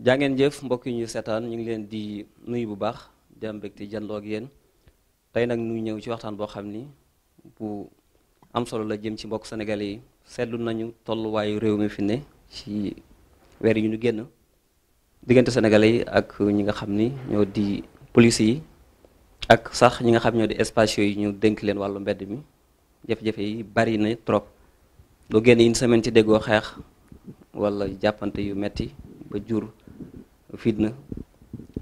jaa ngeen jëf mbokk yi ñu seetaan ñu ngi leen di nuyu bu baax di am mbégte jànloo yéen tey nag ñu ñëw ci waxtaan boo xam ni bu am solo la jëm ci mbokk senegale yi seetlu nañu tolluwaayu réew mi fi ne ci weer yu ñu génn diggante senegale yi ak ñi nga xam ni ñoo di police yi ak sax ñi nga xam ñoo di espace yi ñu dénk leen wàllu mbedd mi jafe-jafe yi bari na trop loo génn une semaine ci déggoo xeex wala jàppante yu metti ba jur fitna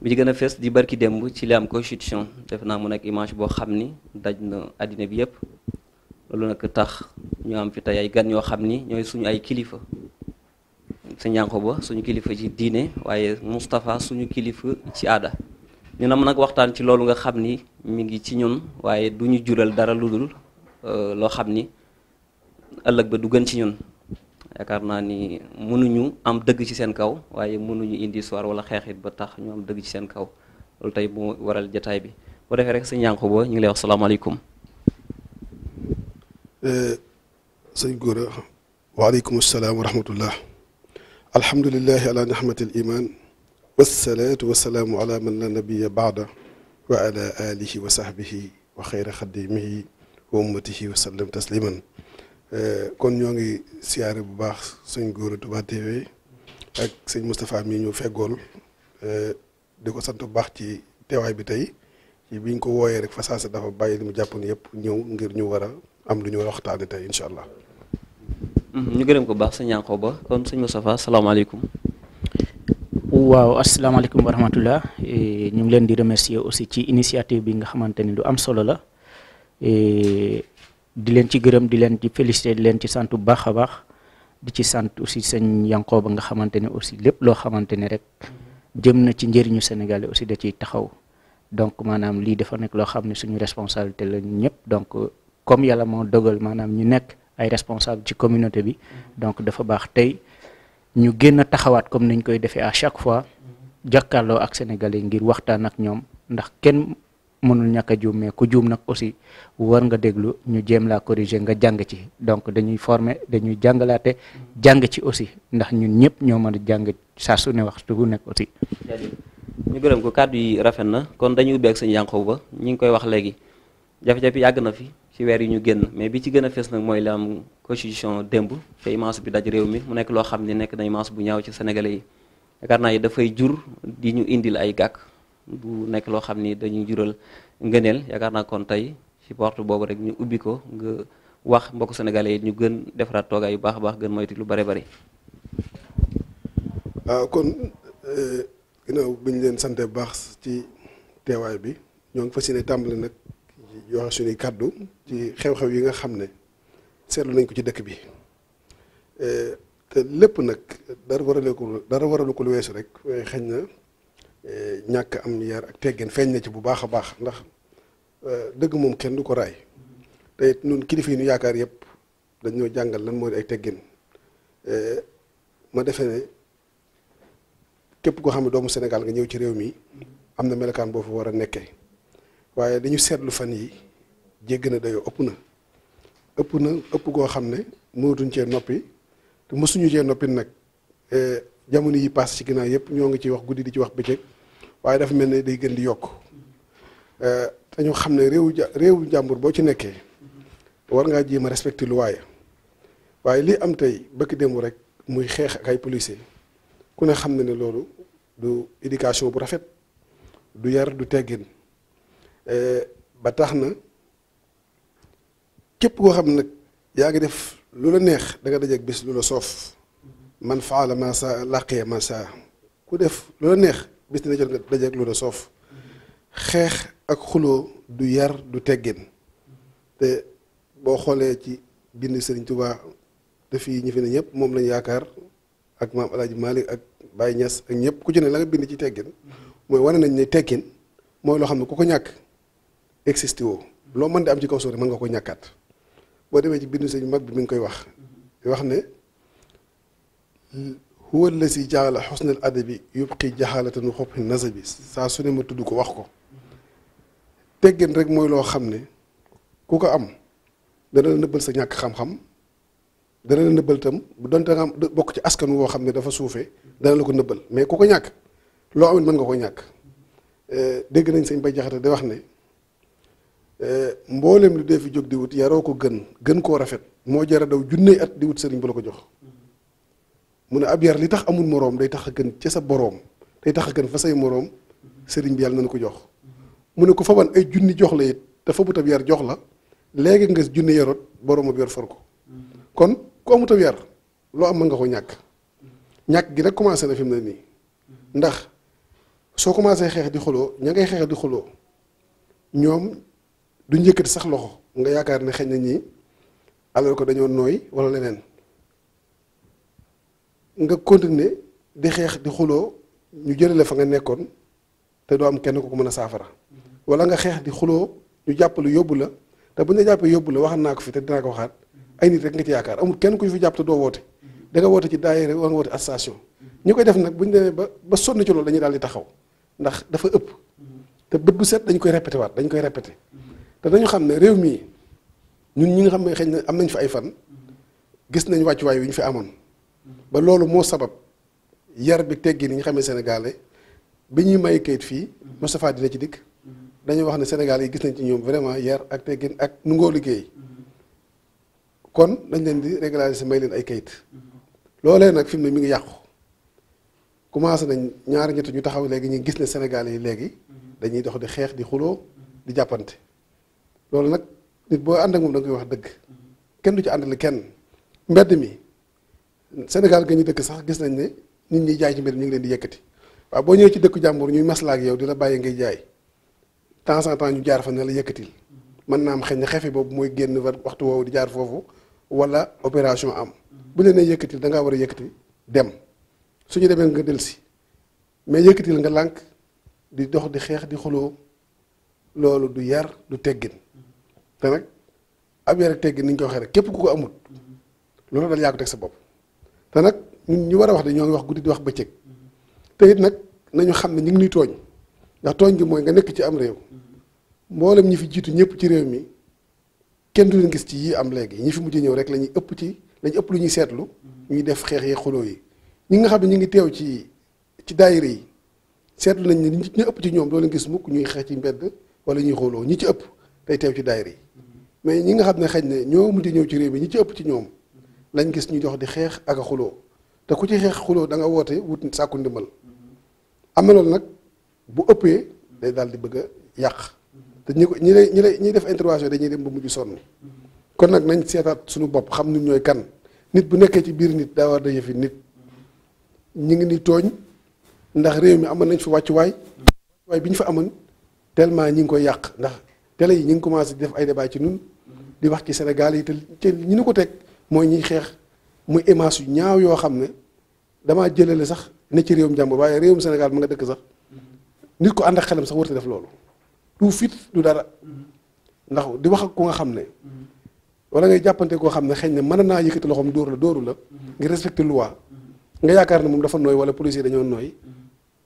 bi ci gën a fees di barki démb ci li am constitution def naa mu nekk image boo xam ni daj na àddina bi yëpp loolu nag tax ñu am fi tey ay gan yoo xam ni ñooy suñu ay kilifa sëñ ba suñu kilifa ci diine waaye Moustapha suñu kilifa ci aada ñu na mën nag waxtaan ci loolu nga xam ni mi ngi ci ñun waaye du ñu jural dara lu dul euh, loo xam ni ëllëg ba du gën ci ñun yaakaar naa ni mënuñu am dëgg ci seen kaw waaye mënuñu indi histoire wala xeexit ba tax ñu am dëgg ci seen kaw loolu tey moo waral jataay bi bu defee rek sëñ Yankuba ñu ngi lay wax salaamaaleykum. Euh, sëñ Gora waaleykum salaam wa rahmatullah alhamdulilahi ala nihmatil iman wasalaatu wasalaamu ala man la nabiya baada wa ala alihi wa sahbihi wa xayra xadimihi wa ummatihi wa sallam tasliman Eh, kon ñoo ngi siyaare bu baax sëñ góor Touba TV ak sëñ Moustapha mii ñu feggool eh, di ko sant bu baax ci teewaay bi tey ci biñ ko wooyee rek fa saasa dafa bàyyi li mu jàppoon yëpp ñëw ngir ñu war am lu ñu war a tey incha allah. Mhm, ñu gërëm ko baax sëñ ba kon sëñ Moustapha salaamaaleykum. waaw asalaamaaleykum wa rahmatullah eh, ñu ngi leen di remercier aussi ci initiative bi nga xamante ni lu am solo la. di leen ci gërëm di leen ci félicité di leen ci sant bu baax a baax di ci sant aussi sëñ Yankooba nga xamante ne aussi lépp loo xamante ne rek jëm na ci njëriñu Sénégal aussi da ciy taxaw donc maanaam lii dafa nekk loo xam ne suñu responsabilité la ñëpp donc comme yàlla moo dogal maanaam ñu nekk ay responsable ci communauté bi donc dafa baax tey ñu génn taxawaat comme nañ koy defee à chaque fois jàkkaarloo ak sénégalais ngir waxtaan ak ñoom ndax kenn mënul ñàkk a juum mais ku juum nag aussi war nga déglu ñu jéem laa corriger nga jàng ci donc dañuy former dañuy jàngalaate jàng ci aussi ndax ñun ñëpp ñoo mën jàng saa su ne waxtu bu nekk aussi. ñu gërëm ko kàddu yi rafet na kon dañuy ubbeeg sëñ Yankhoba ba ñu ngi koy wax léegi jafe yàgg na fi ci weer yi ñu génn mais bi ci gën a fees nag mooy la am constitution démb te immense bi daj réew mi mu nekk loo xam ne nekk na immense bu ñaaw ci sénégalais yi yaakaar naa dafay jur di ñu indil ay gàkk. bu nekk loo xam ni dañuy jural ngëneel yaakaar naa kon tey ci porte boobu rek ñu ubbi ko nga wax mbokk sénégalais yi ñu gën defaraat toogaay yu baax a baax gën moytu lu bare bari waaw ah, kon euh, ginnaaw bi leen sante bu baax ci teewaay bi ñoo ngi fas yéene tàmbali nag yoo suñuy kàddu ci xew-xew yi nga xam ne seetlu nañ ko ci dëkk bi euh, te lépp nag dara waralu ko dara waralu ko lu weesu rek waaye xëy na Euh, ñàkk am yar ak teggin feeñ na ci bu baax a baax ndax euh, dëgg moom kenn du ko raay te it ñun kilifa yi ñu yaakaar yëpp dañoo jàngal lan moo di ay teggin euh, ma defe ne képp koo xam ne doomu Sénégal nga ñëw ci réew mi am na melokaan boo fa war a nekkee waaye dañu seetlu fan yi jégg na dayoo ëpp na ëpp na ëpp goo xam ne mënatuñ cee noppi te mësuñu cee noppi nag jamono yi paas ci ginnaaw yëpp ñoo ngi ciy wax guddi di ci wax bëccëg waaye dafa mel ne day gën di yokk te eh, ñu xam ne réewu ja réewu jàmbur boo ci nekkee war ngaa jéem a respecté lu waaye waaye li am tey bëkk démb rek muy xeex ak ay policier ku ne xam na ne loolu du éducation bu rafet du yar du teggin eh, ba tax na képp koo xam nag yaa ngi def lu la neex danga nga dajeeg bis lu la soof man faala ma sa laqiya ma ku def loola neex bis dina jot nga dajeeg lu la soof xeex ak xuloo du yar du teggin te boo xoolee ci bind Serigne tubaa te fii ñu ñëpp moom lañ yaakaar ak maam El Hadj ak baay ñas ak ñëpp ku ci ne la nga bind ci teggin mooy wane nañ ne teggin mooy loo xam ne ku ko ñàkk existé woo loo mën de am ci kaw suuf mën nga ko ñàkkaat boo demee ci bind sëñ mag bi mi ngi koy wax wax ne. huwa allazi jaala xusnal adabi yubqi jaxaalatan wa xubxi nasabi saa su ne ma tudd ko wax ko teggin rek mooy loo xam ne ku ko am dana la nëbbal sa ñàkk xam-xam dana la nëbbal itam bu doon da nga am bokk ci askan woo xam ne dafa suufe dana la ko nëbbal mais ku ko ñàkk loo amit mën nga ko ñàkk euh, dégg nañ sëñ ba Jaxate da wax ne euh, mboolem lu dee fi jóg di wut yaroo ko gën gën koo rafet moo jara daw junney at di wut sëriñ bu la ko jox mu ne ab yar li tax amul moroom day tax a gën ca sa boroom day tax a gën fa say moroom sëriñ bi yàlla na ko jox mu ne ko faban ay junni jox la it te fabut ab yar jox la léegi nga junni yarot boroom ab yar far ko kon ku amut ab yar loo am na nga ko ñàkk ñàkk gi nag commencé na fi mu ne nii ndax soo commencé xeex di xuloo ña ngay xeex di xuloo ñoom du yëkkati sax loxo nga yaakaar ne xëy na ñii alors ko dañoo nooy wala leneen. nga continuer di xeex di xuloo ñu jële la fa nga nekkoon te doo am kenn ku ko mën a saafara wala nga xeex di xuloo ñu jàppale yóbbu la te bu ne la jàppee yóbbu la waxaat naa ko fi te dinaa ko waxaat ay nit rek nga ci yaakaar amul kenn ku ñu fi jàpp te doo woote danga woote ci daayira wala nga woote association ñu koy def nag bu ñu demee ba ba sonn ci loolu dañuy daal di taxaw ndax dafa ëpp te bët bu set dañ koy répété waat dañ koy répété te dañu xam ne réew mii ñun ñi nga xam ne xëy na am nañ fi ay fan gis nañ wàccuwaay wi ñu fi amoon ba loolu moo sabab yar bi teggi ni nga xamee senegale bi ñuy may kayit fii Moustapha dina ci dikk dañuy wax ne sénégalais yi gis nañ ci ñoom vraiment yar ak teggin ak nu liggéey kon dañ leen di régulariser may leen ay kayit loolee nag fi mu ne mi ngi yàqu commencé nañ ñaari ñett ñu taxaw léegi ñu gis ne sénégalais yi léegi dañuy dox di xeex di xuloo di jàppante loolu nag nit boo ànd ak moom da koy wax dëgg kenn du ci àndale kenn mbedd mi Sénégal ga ñu dëkk sax gis nañ ne nit ñuy jaay ci mbir ñu ngi leen di yëkkati waa boo ñëwee ci dëkku jàmbur ñuy maslaa ak yow di la bàyyi ngay jaay temps en temps ñu jaar fa ne la yëkkatil mën naa am xëy na xefe boobu mooy génn waxtu woowu di jaar foofu wala opération am bu leen nee yëkkatil da ngaa war a yëkkati dem su ñu demee nga delsi mais yëkkatil nga lànk di dox di xeex di xuloo loolu du yar du teggin te nag ab yar ak teggin ni ñu ko waxee rek képp ku ko amut loolu dal yaa ko sa bopp te nag ñun ñu war a wax de ñoo ngi wax guddi di wax bëccëg te it nag nañu xam ne ñu ngi nuy tooñ ndax tooñ gi mooy nga nekk ci am réew mboolem ñi fi jiitu ñëpp ci réew mi kenn du leen gis ci yii am léegi ñi fi mujj ñëw rek la ñuy ëpp ci la ëpp lu ñuy seetlu ñuy def xeex yi xuloo yi ñi nga xam ne ñu ngi teew ci ci daayira yi seetlu nañ ne ñu ëpp ci ñoom loolu gis mukk ñuy xeex ci mbedd wala ñuy xuloo ñi ci ëpp day teew ci daayira yi mais ñi nga xam ne xëy ne ñoo mujj ñëw ci réew mi ñi ci ëpp ci ñoom lañ gis ñu jox di xeex ak a xuloo te ku ci xeex xuloo da nga woote wut sàkku ndimbal am loolu nag bu ëppee day daal di bëgg a yàq te ñi ko ñi lay ñi def intervention dañuy dem ba mujj sonn kon nag nañ seetaat suñu bopp xam nit ñooy kan nit bu nekkee ci biir nit daa war da yëfi nit ñi ngi ni tooñ ndax réew mi amoon nañ fi wàccuwaay wàccuwaay bi ñu fa amoon tellement ñi ngi koy yàq ndax télé yi ñi ngi commencé def ay débat ci ñun di wax ci Sénégal yi te ñi ñu ko teg mooy ñuy xeex muy image yu ñaaw yoo xam ne damaa jëlale sax ne ci réewum jàmbur waaye réewum Sénégal mu nga dëkk sax nit ko ànd ak xelam sax warta def loolu du fit du dara ndax di wax ak ku nga xam ne wala ngay jàppante koo xam ne xëy na mën naa yëkkati loxoom dóor la dóoru la ngir respecter loi nga yaakaar ne moom dafa nooy wala policier dañoo nooy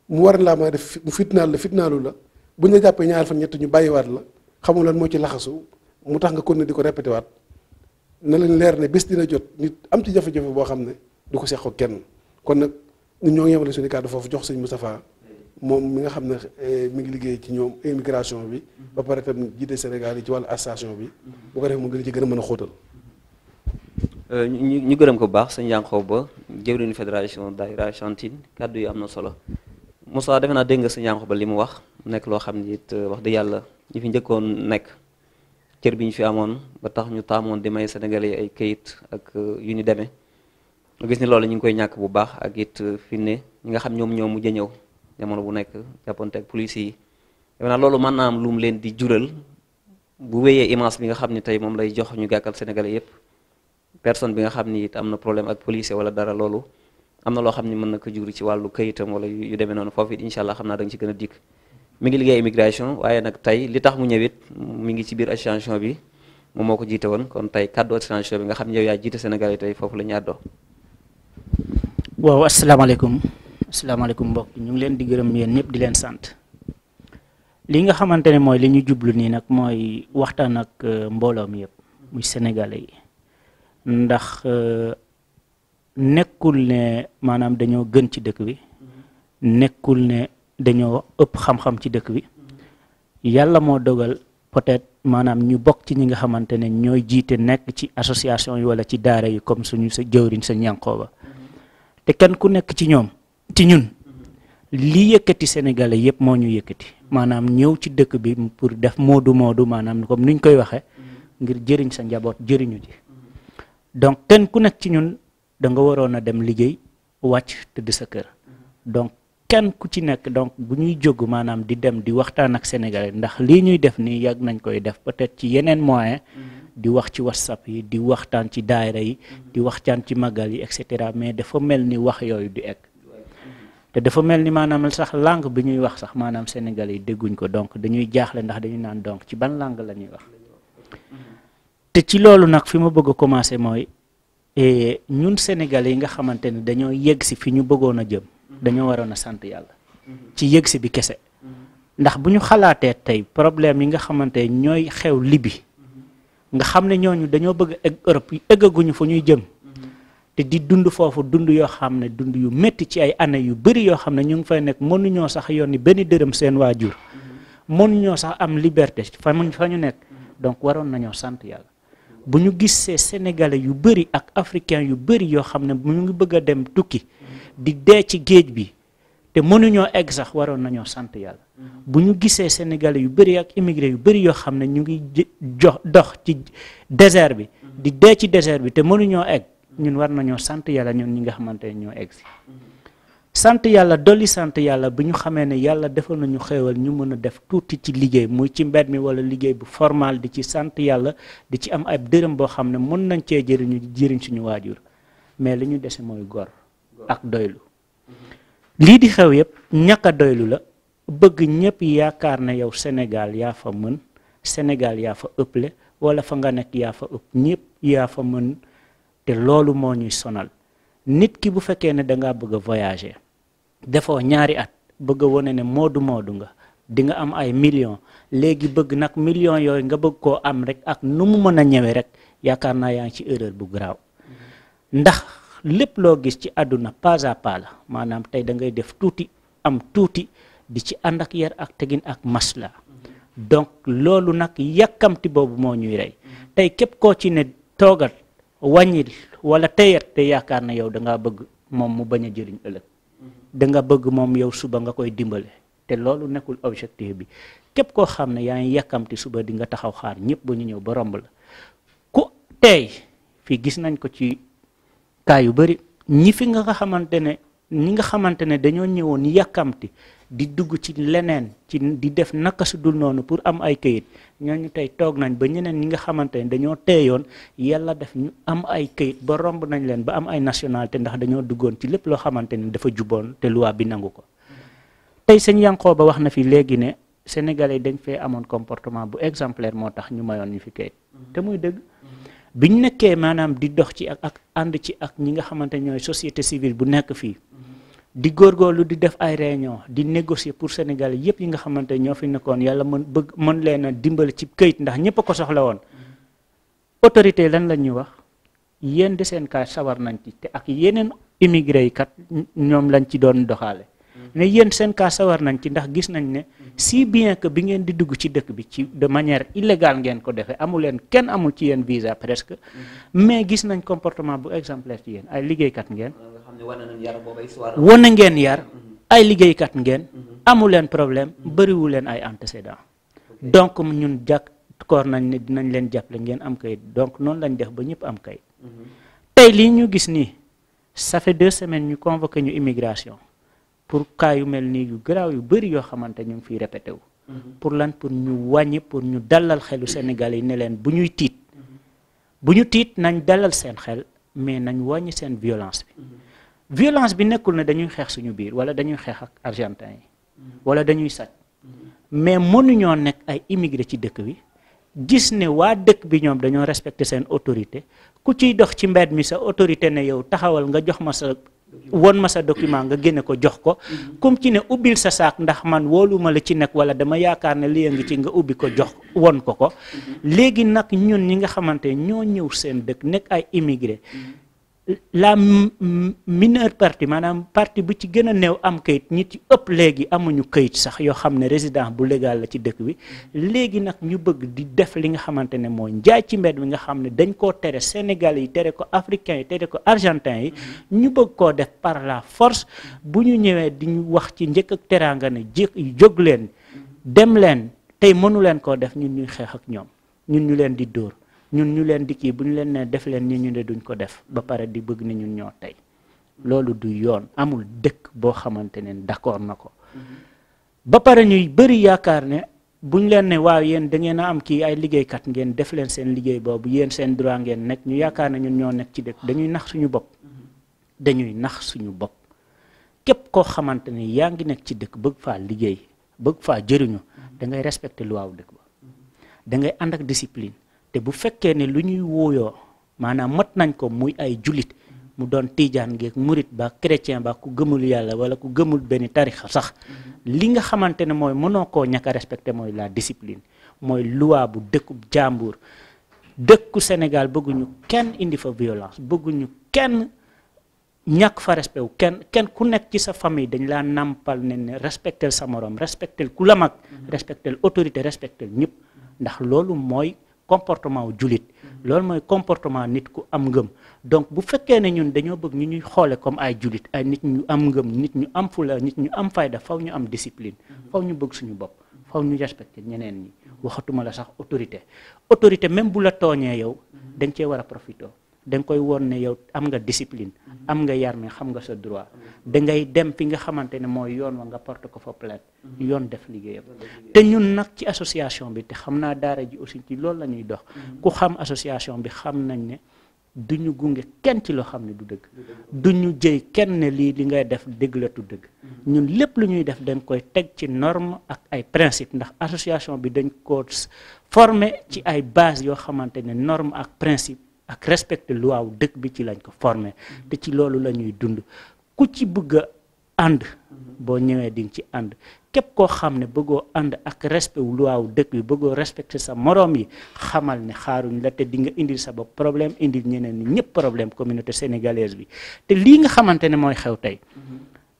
mu war laa mën a def mu fitnaal la fitnaalu la bu ñu la jàppee ñaar fan ñett ñu bàyyiwaat la xamul lan moo ci laxasu mu tax nga kon ne di ko répété waat na leen leer ne bés dina jot nit am ci jafe-jafe boo xam ne du ko seqoo kenn kon nag ñun ñoo ngi yemale suñu kàddu foofu jox sëñ Moustapha moom mi nga xam ne eh, mi ngi liggéey ci ñoom immigration bi ba pare tam Sénégal yi ci walla association bi bu ko defee mu gën ci gën a mën a xóotal euh, ñu gërëm ko bu baax sëñ jànqo ba jëwriñu fédération daayira Argentine kàddu yi am na solo Moussa defe naa dégg nga sëñ Yankhoba ba li mu wax nekk loo xam ne euh, wax dëgg yàlla ñi fi nekk cër bi ñu fi amoon ba tax ñu taamoon di may sénégalais yi ay kayit ak euh, yu ñu demee a gis ni loolu ñu ngi koy ñàkk bu baax ak it euh, fi ne ñi nga xam ñoom ñoo mujj a ñëw jamono bu nekk jàppante ak police yi defe loolu mën naa am lu mu leen di jural bu wéyee image bi nga xam ni tey moom lay jox ñu gàkkal sénégalais yépp personne bi nga xam ni it am na problème ak police wala dara loolu am na loo xam ni mën na ko jur ci wàllu kayitam wala yu demee noonu foofu it incha allah xam naa da ci gën a dikk mi ngi liggéey immigration waaye nag tey li tax mu ñëwit mi ngi ci biir association bi moom moo ko jiite woon kon tey kàddu association bi nga xam ne yow yaa jiite Sénégal yi tey foofu la ñu àddoo waaw asalaamaaleykum asalaamaaleykum mbokk ñu ngi leen di gërëm yéen ñëpp di leen sant li nga xamante ne mooy li ñu jublu nii nag mooy waxtaan ak euh, mbooloo mi yëpp muy sénégalais yi ndax euh, nekkul ne maanaam dañoo gën ci dëkk bi mm-hmm. nekkul ne dañoo ëpp xam-xam ci dëkk bi yàlla moo dogal peut-être maanaam ñu bokk ci ñi nga xamante ne ñooy jiite nekk ci association yi wala ci daara yi comme suñu sa jëwriñ sa ñànkooba te kenn ku nekk ci ñoom ci ñun li yëkkati sénégalais yëpp moo ñu yëkkati maanaam ñëw ci dëkk bi pour def moodu moodu maanaam comme niñ koy waxee ngir jëriñ sa njaboot jëriñu ji kenn ku nekk ci ñun da nga waroon a dem liggéey wàcc tëdd sa kër donc kenn ku ci nekk donc bu ñuy jóg maanaam di dem di waxtaan ak sénégalais ndax lii ñuy def nii yàgg nañ koy def peut-être ci yeneen moyen mm-hmm. di wax ci whatsapp yi di waxtaan ci daayira yi mm-hmm. di waxtaan ci magal yi et cetera mais dafa mel ni wax yooyu du egg mm-hmm. te dafa mel ni maanaam sax langue bi ñuy wax sax maanaam sénégal yi dégguñ ko donc dañuy jaaxle ndax dañuy naan donc ci ban langue la ñuy wax te ci loolu nag fi ma bëgg a commencer mooy eh, ñun sénégal yi nga xamante ne dañoo yegg si fi ñu bëggoon a jëm dañoo waroon a sant yàlla. ci yëgsi bi kese. ndax bu ñu xalaatee tey problème yi nga xamante ñooy xew libi nga xam ne ñooñu dañoo bëgg egg Europe eggaguñu fu ñuy jëm. te di dund foofu dund yoo xam ne dund yu métti ci ay année yu bëri yoo xam ne ñu ngi fay nekk mënuñoo sax yónni benn dërëm seen waajur. mënuñoo sax am liberté fa mu fa ñu nekk. donc waroon nañoo sant yàlla. bu ñu gisee sénégalais yu bëri ak africain yu bëri yoo xam ne ñu ngi bëgg dem tukki. di dee ci géej bi te mënuñoo egg sax waroon nañoo sant yàlla mm-hmm. bu ñu gisee sénégalais yu bëri ak immigré yu bëri yoo xam ne ñu ngi jox dox ci désert bi mm-hmm. di dee ci désert bi te mënuñoo egg ñun war nañoo sant yàlla ñun ñi nga xamante ne ñoo egg si mm-hmm. sant yàlla dolli sant yàlla bi ñu xamee ne yàlla defal nañu xéewal ñu mën a def tuuti ci liggéey muy ci mbed mi wala liggéey bu formal di ci sant yàlla di ci am ab dërëm boo xam ne mën nañ cee jëriñu jëriñ suñu waajur mais li ñu dese mooy gor ak doylu lii di xew yëpp ñàkk doylu la bëgg ñëpp yaakaar na yow Sénégal yaa fa mën Sénégal yaa fa ëpple wala fa nga nekk yaa fa ëpp ñëpp yaa fa mën te loolu moo ñuy sonal nit ki bu fekkee ne danga ngaa bëgg a voyager defoo ñaari at bëgg a wane ne moodu moodu nga di nga am ay millions léegi bëgg nag millions yooyu nga bëgg koo am rek ak nu mu mën a ñëwee rek yaakaar naa yaa ngi ci erreur bu garaaw ndax lépp loo gis ci àdduna pas à pas la maanaam tey da ngay def tuuti am tuuti di ci ànd ak yar ak tegin ak masla donc loolu nag yàkkamti boobu moo ñuy rey tey képp koo ci ne toogal wàññil wala teyat te yaakaar na yow da bëgg moom mu bañ a jëriñ ëllëg da nga bëgg moom yow suba nga koy dimbale te loolu nekkul objectif bi képp koo xam ne yaa ngi yàkkamti suba di nga taxaw xaar ñëpp ba ñu ñëw ba romb la ku tey fii gis nañ ko ci kaa yu bëri ñi fi nga xamante ne ñi nga xamante ne dañoo ñëwoon yàkkamti di dugg ci leneen ci di def naka su dul noonu pour am ay këyit ñooñu tey toog nañ ba ñeneen ñi nga xamante ne dañoo teeyoon yàlla def ñu am ay këyit ba romb nañ leen ba am ay nationalité ndax dañoo duggoon ci lépp loo xamante ne dafa juboon te loi bi nangu ko tey sëñ Yankoo ba wax na fi léegi ne sénégalais dañ fee amoon comportement bu exemplaire moo tax ñu mayoon ñu fi këyit biñ nekkee maanaam di dox ci ak ak ànd ci ak ñi nga xamante ñooy société civile bu nekk fii di góorgóorlu di def ay réunion di négocier pour Sénégal yépp yi nga xamante ñoo fi nekkoon yàlla mën bëgg mën leen a dimbali cib këyit ndax ñëpp ko soxla woon autorité lan la ñuy wax yéen de kaay sawar nañ ci te ak yeneen immigré yi kat ñoom lañ ci doon doxaale ne yéen seen cas sawar nañ ci ndax gis nañ ne si bien que bi ngeen di dugg ci dëkk bi ci de manière illégale ngeen ko defee amu leen kenn amul ci yéen visa presque mhm. mais gis nañ comportement bu exemplaire ci yéen ay liggéeykat ngeen wane ngeen yar mhm. ay liggéeykat ngeen mhm. amu leen problème bëriwu leen ay antécédent donc ñun jàkk koor nañ ne dinañ leen jàppale ngeen am kayit donc noonu lañ def ba ñëpp am kay tey lii ñu gis nii ça fait deux semaines ñu convoqué ñu immigration pour cas yu mel nii yu garaaw yu bëri yoo xamante ñu ngi fiy répété wu. Mm-hmm. pour lan pour ñu wàññi pour ñu dalal xelu Sénégal yi ne leen bu ñuy tiit. bu ñu tiit nañ dalal seen xel mais nañ wàññi seen violence bi. Mm-hmm. violence bi nekkul ne dañuy xeex suñu biir wala dañuy xeex ak argentin yi. Mm-hmm. wala dañuy sàcc. mais mënuñoo nekk ay immigré ci dëkk bi. gis ne waa dëkk bi ñoom dañoo respecté seen autorité ku ciy dox ci mbedd mi sa autorité ne yow taxawal nga jox ma sa won ma sa document nga génne ko jox ko comme mm-hmm. ci ne ubbil sa saak ndax man ma la ci nekk wala dama yaakaar ne lii a ci nga ubbi ko jox won ko ko mm-hmm. léegi nag ñun ñi nga xamante ñoo ñëw seen dëkk nekk ay immigré mm-hmm. la mineure partie maanaam partie bu ci gën a néew am kayit ñi ci ëpp léegi amuñu kayit sax yoo xam ne résident bu légal la ci dëkk bi léegi nag ñu bëgg di def li nga xamante ne mooy njaay ci mbedd bi nga xam ne dañ koo tere Sénégal yi tere ko africain yi tere ko argentin yi mm-hmm. ñu bëgg koo def par la force bu ñu ñëwee di ñu wax ci njëkk ak teraanga ne jé jóg leen dem leen tey mënu leen koo def ñun ñuy xeex ak ñoom ñun ñu leen di dóor ñun ñu leen di kii bu ñu leen nee def leen nii ñu ne duñ ko def ba pare di bëgg ni ñun ñoo tey loolu du yoon amul dëkk boo xamante ne d'accord na ko mm-hmm. ba pare ñuy bëri yaakaar ne buñ leen ne waaw yéen da ngeen a am kii ay liggéeykat ngeen def leen seen liggéey boobu yéen seen droit ngeen nekk ñu yaakaar ne ñun ñoo nekk ci dëkk dañuy nax suñu bopp mm-hmm. dañuy nax suñu bopp képp koo xamante ne yaa ngi nekk ci dëkk bëgg faa liggéey bëgg faa jëriñu mm-hmm. dangay ngay respecter loi dëkk ba da ànd ak discipline te bu fekkee ne lu ñuy wóoyoo maanaam mat nañ ko muy ay jullit mu doon tiijaan geeg murit ba chrétien ba ku gëmul yàlla wala ku gëmul benn tarixa sax li nga xamante ne mooy mënoo koo ñàkk a respecté mooy la disipline mooy loi bu dëkkub jàmbur dëkku Sénégal bëgguñu kenn indi fa violence bëgguñu kenn ñàkk fa respect wu kenn kenn ku nekk ci sa famille dañ laa nàmpal ne ne respectel sa morom respectel ku la mag respectel autorité respectel ñëpp ndax loolu mooy comportement wu jullit loolu mooy comportement nit ku am ngëm donc bu fekkee ne ñun dañoo bëgg ñu ñuy xoole comme ay jullit ay nit ñu am ngëm nit ñu am fula nit ñu am fayda faw ñu am discipline faw ñu bëgg suñu bopp faw ñu respecté ñeneen ñi waxatuma la sax autorité autorité même bu la tooñee yow dañ cee war a profité da koy woon ne yow am nga discipline am nga yar mi xam nga sa droit dangay dem fi nga xamante ne mooy yoon wa nga porte ko fa plainte yoon def liggéeyam te ñun nag ci association bi te xam naa daara ji aussi ci loolu la ñuy dox ku xam association bi xam nañ ne du ñu gunge kenn ci loo xam ne du dëgg du ñu jëy kenn ne lii li ngay def dëgg la tu dëgg ñun lépp lu ñuy def dañ koy teg ci norme ak ay principe ndax association bi dañ koo former ci ay base yoo xamante ne norme ak principe ak respecter loi wu dëkk bi ci lañ ko formé te ci loolu la ñuy dund ku ci bëgg a ànd boo ñëwee di nga ci ànd képp koo xam ne bëggoo ànd ak respect wu dëkk bi bëggoo respecter sa moroom yi xamal ne xaaruñ la te di nga indil sa bopp problème indil ñeneen ñi ñëpp problème communauté sénégalaise bi te lii nga xamante ne mooy xew tey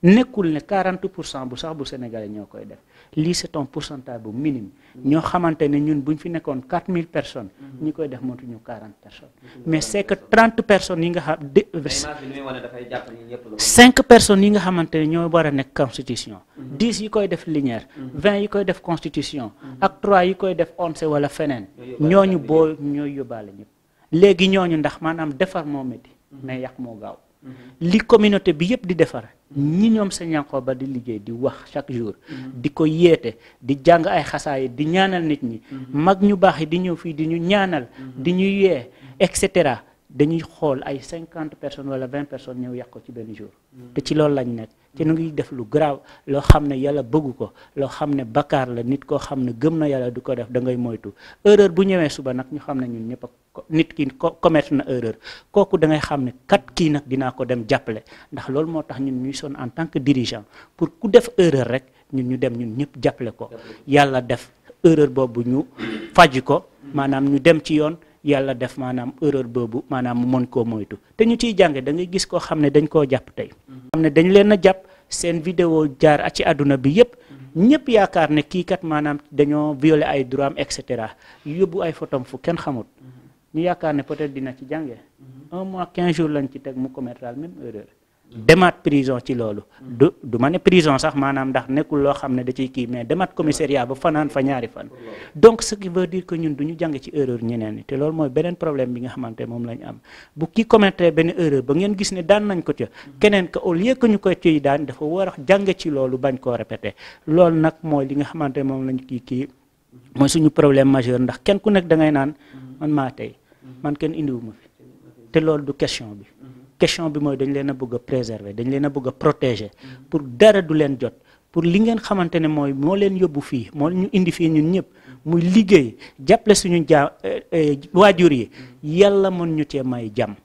nekkul ne 40 pour cent bu sax bu sénégalais ñoo koy def lii c'est pour pourcentage bu minime ñoo xamante ne ñun bu ñu fi nekkoon quatre mille personnes mhm. ñi koy def motuñu quarante personnes mais c'est que trente personnes yi nga xam de cinq personnes yi nga xamante ne ñoo war a nekk constitution mhm. dix yi koy def linéaire mhm. vingt yi koy def constitution ak trois yi koy def once wala feneen ñooñu boo ñooy yóbbaale ñëpp léegi ñooñu ndax maanaam defar moo métti mais yàq moo gaaw Mm-hmm. li communauté bi yëpp di defar ñi ñoom sa ñànkoo ba di liggéey di wax chaque jour mm-hmm. di ko yeete di jàng ay xasaay di ñaanal nit ñi mm-hmm. mag ñu baax yi di ñëw fii di ñu ñaanal di ñuy yee et cetera dañuy xool ay cinquante personnes wala vingt personnes ñëw yàq ko ci benn jour te ci loolu lañ nekk ci nu ngi def lu garaaw loo xam ne yàlla bëggu ko loo xam ne bakkaar la nit koo xam ne gëm na yàlla du ko def da ngay moytu erreur bu ñëwee suba nag ñu xam ne ñun ñëpp nit ki commettre na erreur kooku dangay xam ne kat kii nag dinaa ko dem jàppale ndax loolu moo tax ñun ñuy sonn en tant que dirigeant pour ku def erreur rek ñun ñu dem ñun ñëpp jàppale ko yàlla def erreur boobu ñu faj ko mm-hmm. maanaam ñu dem ci yoon yàlla def maanaam erreur boobu maanaam mu mën koo moytu te ñu ciy jànge da gis koo xam ne dañ koo jàpp tey mhm. xam ne dañ leen a jàpp seen vidéo jaar ci àdduna bi yëpp mhm. ñëpp yaakaar ne kii kat maanaam dañoo violer ay droit am et cetera yóbbu ay photom fu kenn xamut mhm. ñu yaakaar ne peut-être dina ci jànge un mois quinze jours lañ ci teg mu commettre la même demaat prison ci loolu. du du ma ne prison sax maanaam ndax nekkul loo xam ne da ciy kii mais demaat commissariat ba fanaan fa ñaari fan. donc ce qui veut dire que ñun du ñu jàng ci erreur ñeneen ñi te loolu mooy beneen problème bi nga xamante moom la am bu ki commettre benn erreur ba ngeen gis ne daan nañ ko ca. keneen que au lieu ñu koy ciy daan dafa war a jàng ci loolu bañ koo répété loolu nag mooy li nga xamante moom lañ kii kii mooy suñu problème majeur ndax kenn ku nekk da ngay naan man maa tey man kenn indiwu ma te loolu du question bi. question bi mooy dañu leen a bëgg a dañ leen a bëgg protéger pour dara du leen jot pour li ngeen xamante ne mooy moo leen yóbbu fii moo ñu indi fii ñun ñëpp muy liggéey jàppale suñu jaa eh, eh, waajur yi yàlla mën ñu cee may jàmm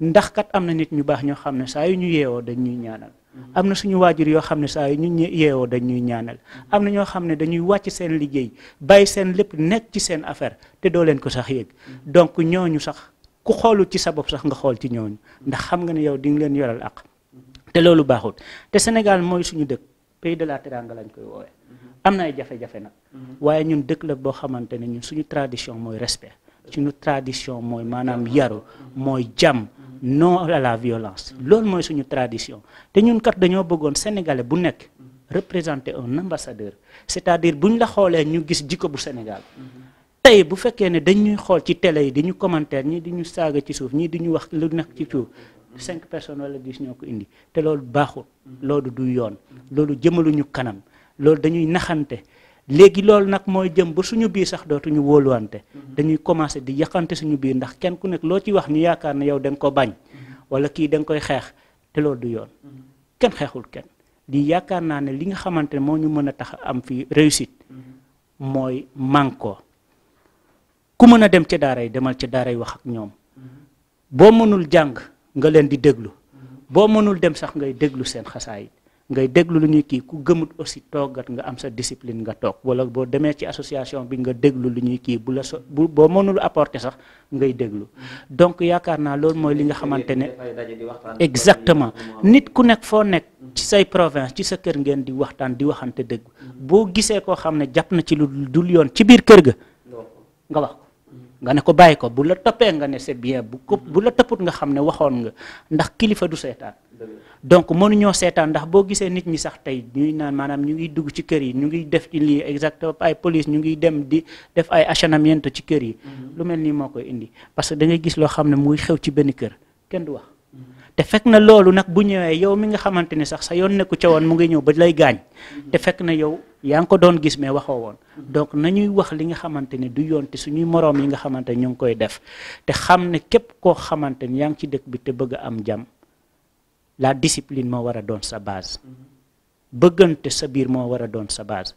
ndax kat am na nit ñu baax ñoo xam ne saa yu ñu yeewoo dañuy ñaanal am na suñu waajur yoo xam ne saa yu ñu yeewoo dañ ñuy ñaanal am na ñoo xam ne dañuy wàcc seen liggéey bàyyi seen lépp nekk ci seen affaire te doo leen ko sax yëg donc ñooñu sax ku xoolul ci sa bopp sax nga xool ci ñooñu ndax xam nga ne yow di leen yoral ak te loolu baaxul te Sénégal mooy suñu dëkk pays de la teranga lañ koy woowee am na ay jafe-jafe nag waaye ñun dëkk la boo xamante ne ñun suñu tradition mooy respect suñu tradition mooy maanaam yaru mooy jàmm non à la violence loolu mooy suñu tradition te ñun kat dañoo bëggoon sénégale bu nekk représenter un ambassadeur c'est-à-dire buñ la xoolee ñu gis jikko bu Sénégal tey bu fekkee ne dañuy xool ci télé yi di ñu commentaire ñii di ñu saaga ci suuf ñii di ñu wax lu nekk ci suuf cinq personnes wala dix ñoo ko indi te loolu baaxul loolu du yoon loolu jëmaluñu kanam loolu dañuy naxante léegi loolu nag mooy jëm ba suñu biir sax dootuñu wóoluwante dañuy commencé di yàqante suñu biir ndax kenn ku nekk loo ci wax ñu yaakaar ne yow da nga ko bañ wala kii da nga koy xeex te loolu du yoon kenn xeexul kenn lii yaakaar naa ne li nga xamante ne moo ñu mën a tax am fi réussite mooy mànkoo ku mën a dem ci daara yi demal ci daara yi wax ak ñoom boo mënul jàng nga leen di déglu boo mënul dem sax ngay déglu seen xasaay ngay déglu lu ñuy kii ku gëmut aussi toogat nga am sa discipline nga toog wala boo demee ci association bi nga déglu lu ñuy kii bu la so bu boo mënul apporter sax ngay déglu donc yaakaar naa loolu mooy li nga xamante ne exactement nit ku nekk foo nekk ci say province ci sa kër ngeen di waxtaan di waxante dëgg boo gisee koo xam ne jàpp na ci lu dul yoon ci biir kër ga nga wax nga ne ko bàyyi ko bu la toppee nga ne c'est bien bu ko bu la topput nga xam ne waxoon nga ndax kilifa du seetaan donc mënuñoo seetaan ndax boo gisee nit ñi sax tey ñuy naan maanaam ñu ngi dugg ci kër yi ñu ngi def ci lii exactement ay police ñu ngiy dem di def ay achanamiento ci kër yi mm-hmm. lu mel nii moo koy indi parce que da gis loo xam ne muy xew ci benn kër kenn du wax te fekk na loolu nag bu ñëwee yow mi nga xamante ni sax sa yoon nekku ca woon mu ngi ñëw ba lay gaañ te fekk na yow yaa ngi ko doon gis mais waxoo woon donc nañuy wax li nga xamante ne du yoon te suñuy moroom yi nga xamante ñu ngi koy def te xam ne képp koo xamante ni yaa ngi ci dëkk bi te bëgg a am jàmm la discipline moo war a doon sa base bëggante sa biir moo war a doon sa base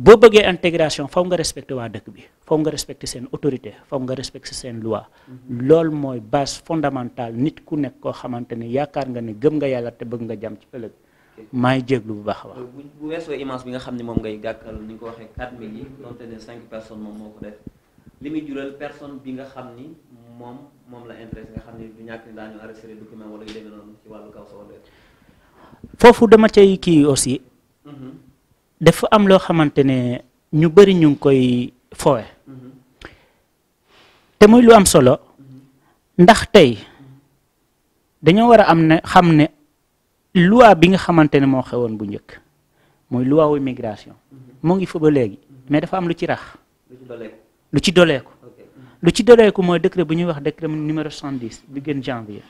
boo bëggee intégration faw nga respecté waa dëkk bi faw nga respecté seen autorité faw nga respecté seen loi mhm. loolu mooy base fondamentale nit ku nekk koo xamante ne yaakaar nga ne gëm nga yàlla te bëgg nga jam ci ëllëg maa ngi jéglu bu baax a baax. bu weesoo image bi nga xam ni moom ngay gàkkal ni nga ko waxee 4000 yi bi nga xam ni moom moom la intéressé nga xam ne du ñàkk ne daañu arrêté document wala yu demee noonu foofu dama cay kii aussi. Mhm. dafa am loo xamante ne ñu bëri ñu ngi koy fowe te muy lu am solo ndax tey dañoo war a am ne xam ne loi bi nga xamante ne moo xewoon bu njëkk muy loi wu immigration mu ngi fa ba léegi mais dafa am lu ci rax lu ci doleeku lu ci doleeku mooy décret bu ñuy wax décret numéro 110 bi gën janvier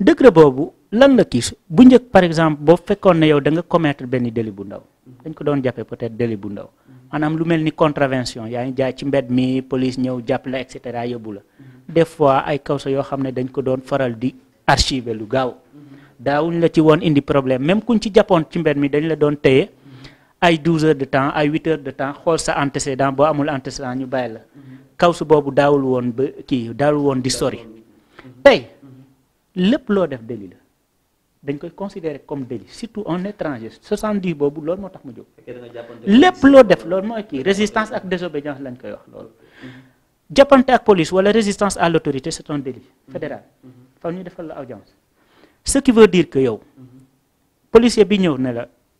décret boobu lan na tiis bu njëkk par exemple boo fekkoon ne yow da nga commettre benn délit bu ndaw dañ ko doon jàppee peut-être délit bu ndaw maanaam lu mel ni contravention yaa ngi jaay ci mbedd mi police ñëw jàpp la et cetera yóbbu la des fois ay kawsa yoo xam ne dañ ko doon faral di archiver lu gaaw daawuñ la ci woon indi problème même kuñ ci jàppoon ci mbedd mi dañ la doon téye ay 12 heures de temps ay 8 heures de temps xool sa antécédent boo amul antécédent ñu bàyyi la kawsu boobu daawul woon ba kii daawul woon di sori lépp loo def délit la dañ koy considérer comme délit surtout un étranger 70 boobu loolu moo tax mu jóg. lépp loo def loolu mooy kii résistance ak désobédience lañ koy wax loolu. jàppante ak police wala résistance à l' autorité c' est un délit fédéral. Mhm. Mhm. fa ñu defal la audience. ce qui veut dire que yow mhm. policier bi ñëw ne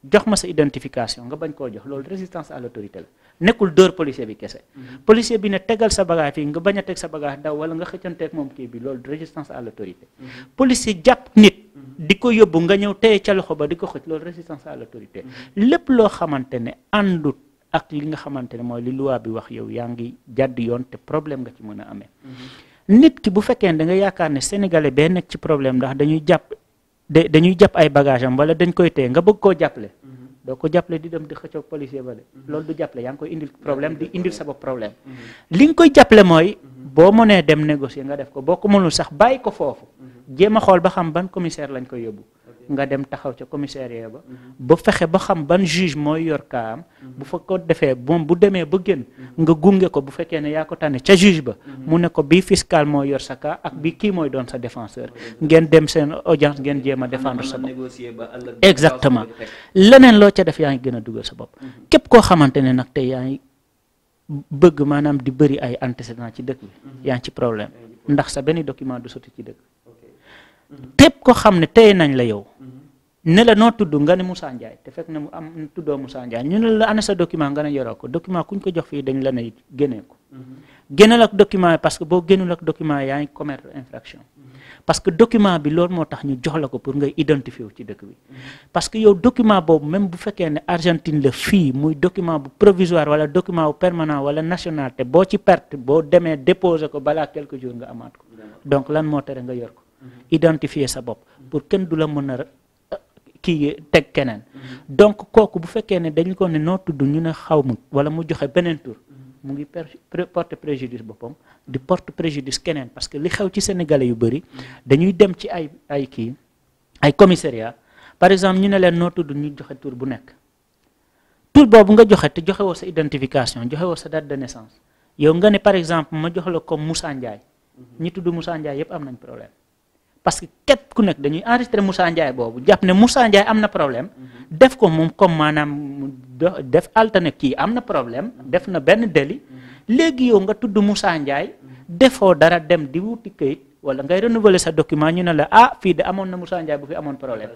jox ma sa identification nga bañ koo jox loolu résistance à l'autorité la nekkul dóor policier bi kese. Mhm. policier bi ne tegal sa bagage fii nga bañ a teg sa bagage daw wala nga xëccanteeg moom kii bi loolu résistance à l'autorité. Mhm. policier jàpp nit. Mhm. di ko yóbbu nga ñëw téye ca loxo ba di ko xëcc loolu résistance à l'autorité. lépp loo xamante ne àndut ak li nga xamante ne mooy li loi bi wax yaa ngi jàdd yoon te problème nga ci mën a amee. nit ki bu fekkee da dañuy jàpp ay bagage am wala dañ koy téye nga bëgg koo jàppale mm-hmm. doo ko jàppale di dem di xëccoog policier bale mm-hmm. loolu du jàppale yaa ngi koy indil problème di indil sa bopp problème mm-hmm. li nga koy jàppale mooy boo mënee dem négocier nga def ko boo ko mënul sax bàyyi ko foofu jéem a xool ba xam ban commissaire lañ koy yóbbu nga dem taxaw ca commissariat ba ba fexe ba xam ban juge mooy yor kaam bu fa ko defee moom bu demee ba gën nga gunge ko bu fekkee ne yaa ko tànne ca juge ba mu ne ko bii fiscal moo yor sa kaa ak bi kii mooy doon sa defenseur ngeen dem seen audience ngeen jéem a défendre sa bopp exactement leneen loo ca def yaa ngi gën a dugal sa bopp képp koo xamante ne nag tey yaa ngi bëgg maanaam di bëri ay antécédents ci dëkk bi yaa ndax sa benn document du sotti ci dëkk tépp ko xam ne tey nañ la yow ne la noo tudd nga ne Moussa Ndiaye te fekk na mu am tuddoo Moussa Ndiaye ñu ne la ana sa document nga ne yoroo ko document kuñ ko jox fii dañ la ne ko mhm. génnal ak document yi parce que boo génnul ak document yaa ngi commettre infraction mhm. que document bi loolu moo tax ñu jox la ko pour ngay identifier wu ci dëkk bi mhm. parce que yow document boobu même bu fekkee ne Argentine la fii muy document bu provisoire wala document bu permanent wala nationalité boo ci perte boo demee déposer ko balaa quelques jours nga amaat ko donc lan moo tere nga yor ko identifier sa bopp pour kenn du la mën a kii teg keneen donc kooku bu fekkee ne dañu ko ne noo tudd ñu ne xaw ma wala mu joxe beneen tour mu ngi porte préjudice boppam di porte préjudice keneen parce que li xew ci sénégalais yu bëri dañuy dem ci ay ay kii ay commissariat par exemple ñu ne leen noo tudd ñu joxe tur bu nekk tur boobu nga joxe te joxe woo sa identification joxe woo sa date de naissance yow nga ne par exemple ma jox la comme Moussa Ndiaye ñi tudd Moussa Ndiaye yëpp am nañ problème parce que képp ku nekk dañuy enregistré Moussa Ndiaye boobu jàpp ne Moussa Ndiaye am na problème def ko moom comme maanaam def altane kii am na problème def na benn delli léegi yow nga tudd Moussa Ndiaye defoo dara dem di wuti këyit wala ngay renouveler sa document ñu ne la ah fii de amoon na musaa Ndiaye bu fi amoon problème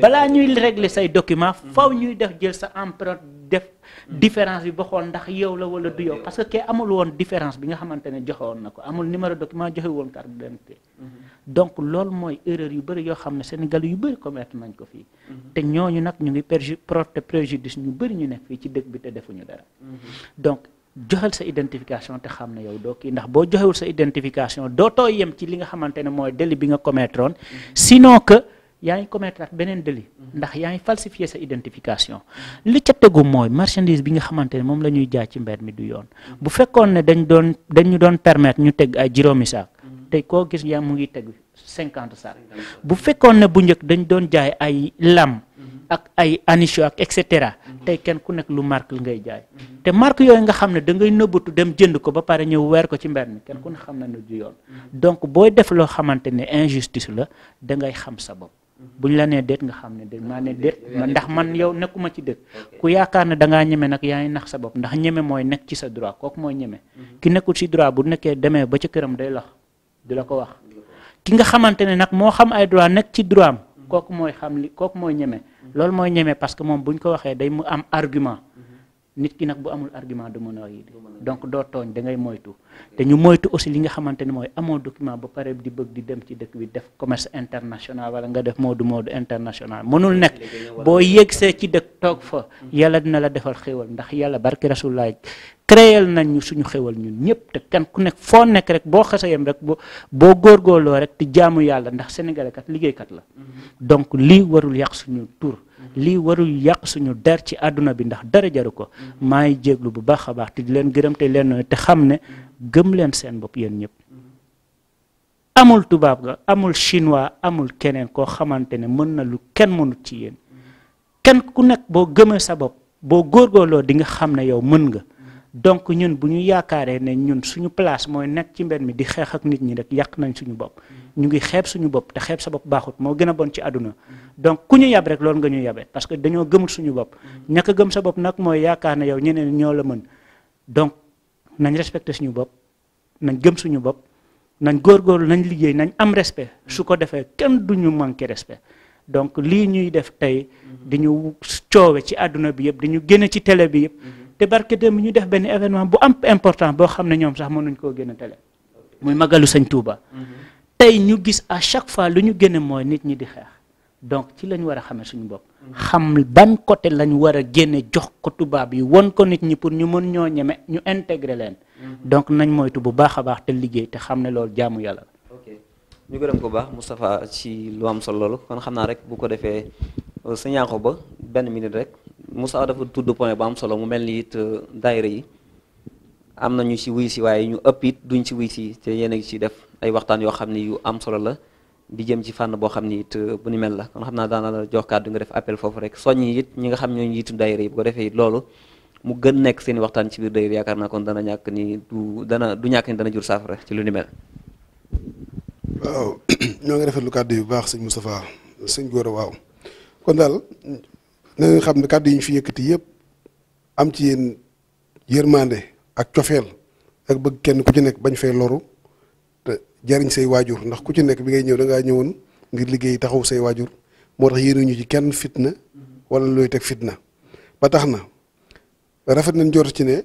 balaa ñuy régler say document faw ñuy def jël sa empreinte def différence bi ba xool ndax yow la wala du yow parce que amul woon différence bi nga xamante ne joxe woon na ko amul numéro document joxe woon carte d'identité mm-hmm. donc loolu mooy erreur yu bëri yoo xam ne Sénégal yu bëri commettre nañ ko fii mm-hmm. te ñooñu nag ñu ngi perju porte ñu bëri ñu nekk fii ci dëkk bi te defuñu dara mm-hmm. donc joxel sa identification te xam ne yow doo kii ndax boo joxewul sa identification doo too yem ci li nga xamante ne mooy délit bi nga commettre woon sinon que yaa ngi commettre beneen deli ndax yaa ngi falsifier sa identification li ca tegu mooy marchandise bi nga xamante ne moom la ñuy jaay ci mbedd mi du yoon bu fekkoon ne dañ doon dañu doon permettre ñu teg ay juróomi saak tey koo gis yaa mu ngi teg cinquante saak bu fekkoon ne bu njëkk dañ doon jaay ay lam ak ay anicho ak et cetera tey kenn ku nekk lu marque ngay jaay te marque yooyu nga xam ne da ngay nëbbatu dem jënd ko ba pare ñëw weer ko ci mbir mi kenn ku ne xam na ne du yoon donc booy def loo xamante ne injustice la da ngay xam sa bopp buñ la nee déet nga xam ne déet maa ne déet ndax man yow nekkuma ci déet ku yaakaar ne da ngaa ñeme nag yaa ngi nax sa bopp ndax ñeme mooy nekk ci sa droit kooku mooy ñeme mhm. ki nekkul ci droit bu nekkee demee ba ca këram day la ko wax ki nga xamante ne nag moo xam ay droit nekk ci droit am mhm. kooku mooy xam li kooku mooy ñeme loolu mooy ñeme parce que moom buñ ko waxee day mu am argument nit ki nag bu amul argument du mën yi yi donc doo tooñ da ngay moytu te ñu moytu aussi li nga xamante ni mooy amoo document ba pare di bëgg di dem ci dëkk bi def commerce international wala nga def moo moo du international mënul nekk boo yéegsee ci dëkk toog fa yàlla dina la defal xéewal ndax yàlla barki rasulullah créel nañ suñu xewal ñun ñëpp te kenn ku nekk foo nekk rek boo xasee yem rek boo góor góorloo rek te jaamu yàlla ndax sénégalais liggéeykat la mm-hmm. donc lii warul yàq suñu tur lii warul yàq suñu der ci àdduna bi ndax dara jaru ko mm-hmm. maa ngi jéglu bu baax a baax te di leen gërëm leen leen te xam ne gëm leen seen bopp yéen ñëpp mm-hmm. amul tubaab ga amul chinois amul keneen koo xamante ne mën na lu kenn mënut ci yéen kenn ku nekk boo gëmee sa bopp boo góorgóorloo di nga xam ne yow mën nga donc ñun bu ñu yaakaaree ne ñun suñu place mooy nekk ci mbed mi di xeex ak nit ñi rek yàq nañ suñu bopp ñu ngi xeeb suñu bopp te xeeb sa bopp baaxut moo gën a bon ci àdduna donc ku ñu yab rek loolu nga ñu yabe parce que dañoo gëmul suñu bopp ñàkk a gëm sa bopp nag mooy yaakaar ne yow ñeneen ñoo la mën donc nañ respecté suñu bopp nañ gëm suñu bopp nañ góorgóorlu nañ liggéey nañ am respect su ko defee kenn duñu manqué respect donc lii ñuy def tey di coowee ci àdduna bi yëpp dañu ñu ci télé bi yëpp te barke démb ñu def benn événement bu am important boo xam ne ñoom sax mënuñ koo gën a tele muy magalu sëñ Touba. tey ñu gis à chaque fois lu ñu génne mooy nit ñi di xeex donc ci lañ war a xamee suñu bopp. xam ban côté lañ war a génne jox ko tubaab yi won ko nit ñi pour ñu mën ñoo ñeme ñu intégrer leen. Mhm. donc nañ moytu bu baax a baax te liggéey te xam ne loolu jaamu yàlla la. ñu gërëm ko baax Moustapha ci lu am solo loolu kon xam naa rek bu ko defee euh, sëñ Yankoba benn minute rek. Moussa dafa tudd point bu am solo mu mel ni it euh, daayira yi am na ñu si wuy si waaye ñu ëpp it duñ si wuy si te yéen a ngi si def ay waxtaan yoo xam ni yu am solo la di jëm ci fànn boo xam ni it euh, bu ni mel la kon xam naa daana la jox kàddu nga def appel foofu rek soññi it ñi nga xam ñoo njiitu daayira yi bu ko defee it loolu mu gën nekk seen waxtaan ci biir daayira yaakaar naa kon dana ñàkk ni du dana du ñàkk ni dana jur saafara ci lu ni mel. waaw ñoo ngi rafetlu kàddu yu baax sëñ Moustapha sëñ Gora waaw na ngeen xam ne kàddu yi ñu fi yëkkati yëpp am ci yéen yërmande ak cofeel ak bëgg kenn ku ci nekk bañ fa loru te jariñ say waajur ndax ku ci nekk bi ngay ñëw da ñëwoon ngir liggéey taxaw say waajur moo tax ñu ci kenn fitna wala looy teg fitna ba tax na rafet nañ jot ci ne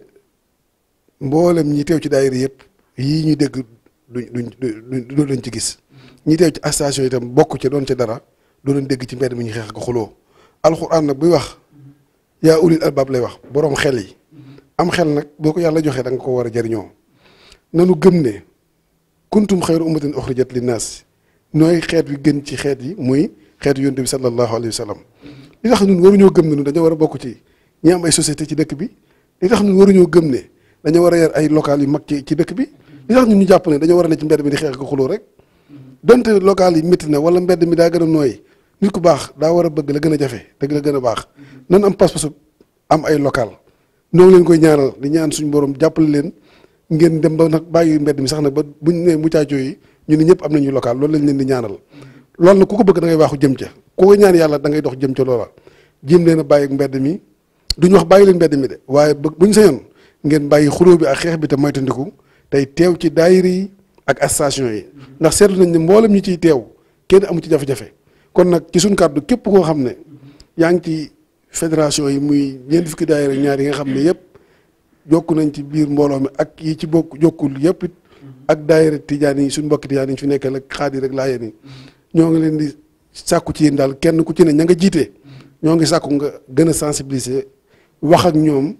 mboolem ñi teew ci daayira yëpp yii ñu dégg duñ duñ du ci gis ñi teew ci station itam bokk ca doon ca dara doo leen dégg ci mbedd mi ñu xeex ko xuloo alxuraan nag buy wax yaa ulil albaab lay wax boroom xel yi am xel nag boo ko yàlla joxe da ko war a jariñoo nanu gëm ne kuntum xayru ummatin uxrijat linnaas nooy xeet wi gën ci xeet yi muy xeet yonte bi sallallahu alayhi wa sallam li tax ñun waruñoo gëm ne ñun war a bokk ci ñi am ci dëkk bi li tax ñun waruñoo gëm ne dañoo war a yar ay local yu mag ci ci dëkk bi li tax ñun ñu jàpp ne dañoo war a ne ci mbedd mi di xeex ko xuloo rek donte local yi métti na wala mbedd mi daa gën a nooy nit ku baax daa war a bëgg la gën a jafe dëgg la gën a baax nan am pas-pasu am ay local noonu leen koy ñaaral di ñaan suñu borom jàppale leen ngeen dem ba nag bàyyi mbedd mi sax nag ba buñ ne mucaacoo yi ñu ne ñëpp am nañu local loolu lañ leen di ñaanal loolu nag ku ko bëgg da ngay waaxu jëm ca koo ñaan yàlla da ngay dox jëm ca loola jéem leen a bàyyi mbedd mi duñu wax bàyyi leen mbedd mi de waaye bëgg buñ sañoon ngeen bàyyi xuloo bi ak xeex bi te moytandiku tey teew ci daayira yi ak station yi ndax seetlu nañ ne mboolem ñi ciy teew kenn amu ci jafe-jafe kon nag ci suñ kàddu képp koo xam ne yaa ngi ci fédération yi muy ñeent fukki daayira ñaar yi nga xam ne yëpp jokk nañ ci biir mbooloo mi ak yi ci bokk jokkul yëpp ak daayira tijaan yi suñ mbokki tijaan yi fi nekkal ak xaadir ak laayeen yi ñoo ngi leen di sàkku ci yéen daal kenn ku ci ne ña nga jiite ñoo ngi sàkku nga gën a sensibiliser wax ak ñoom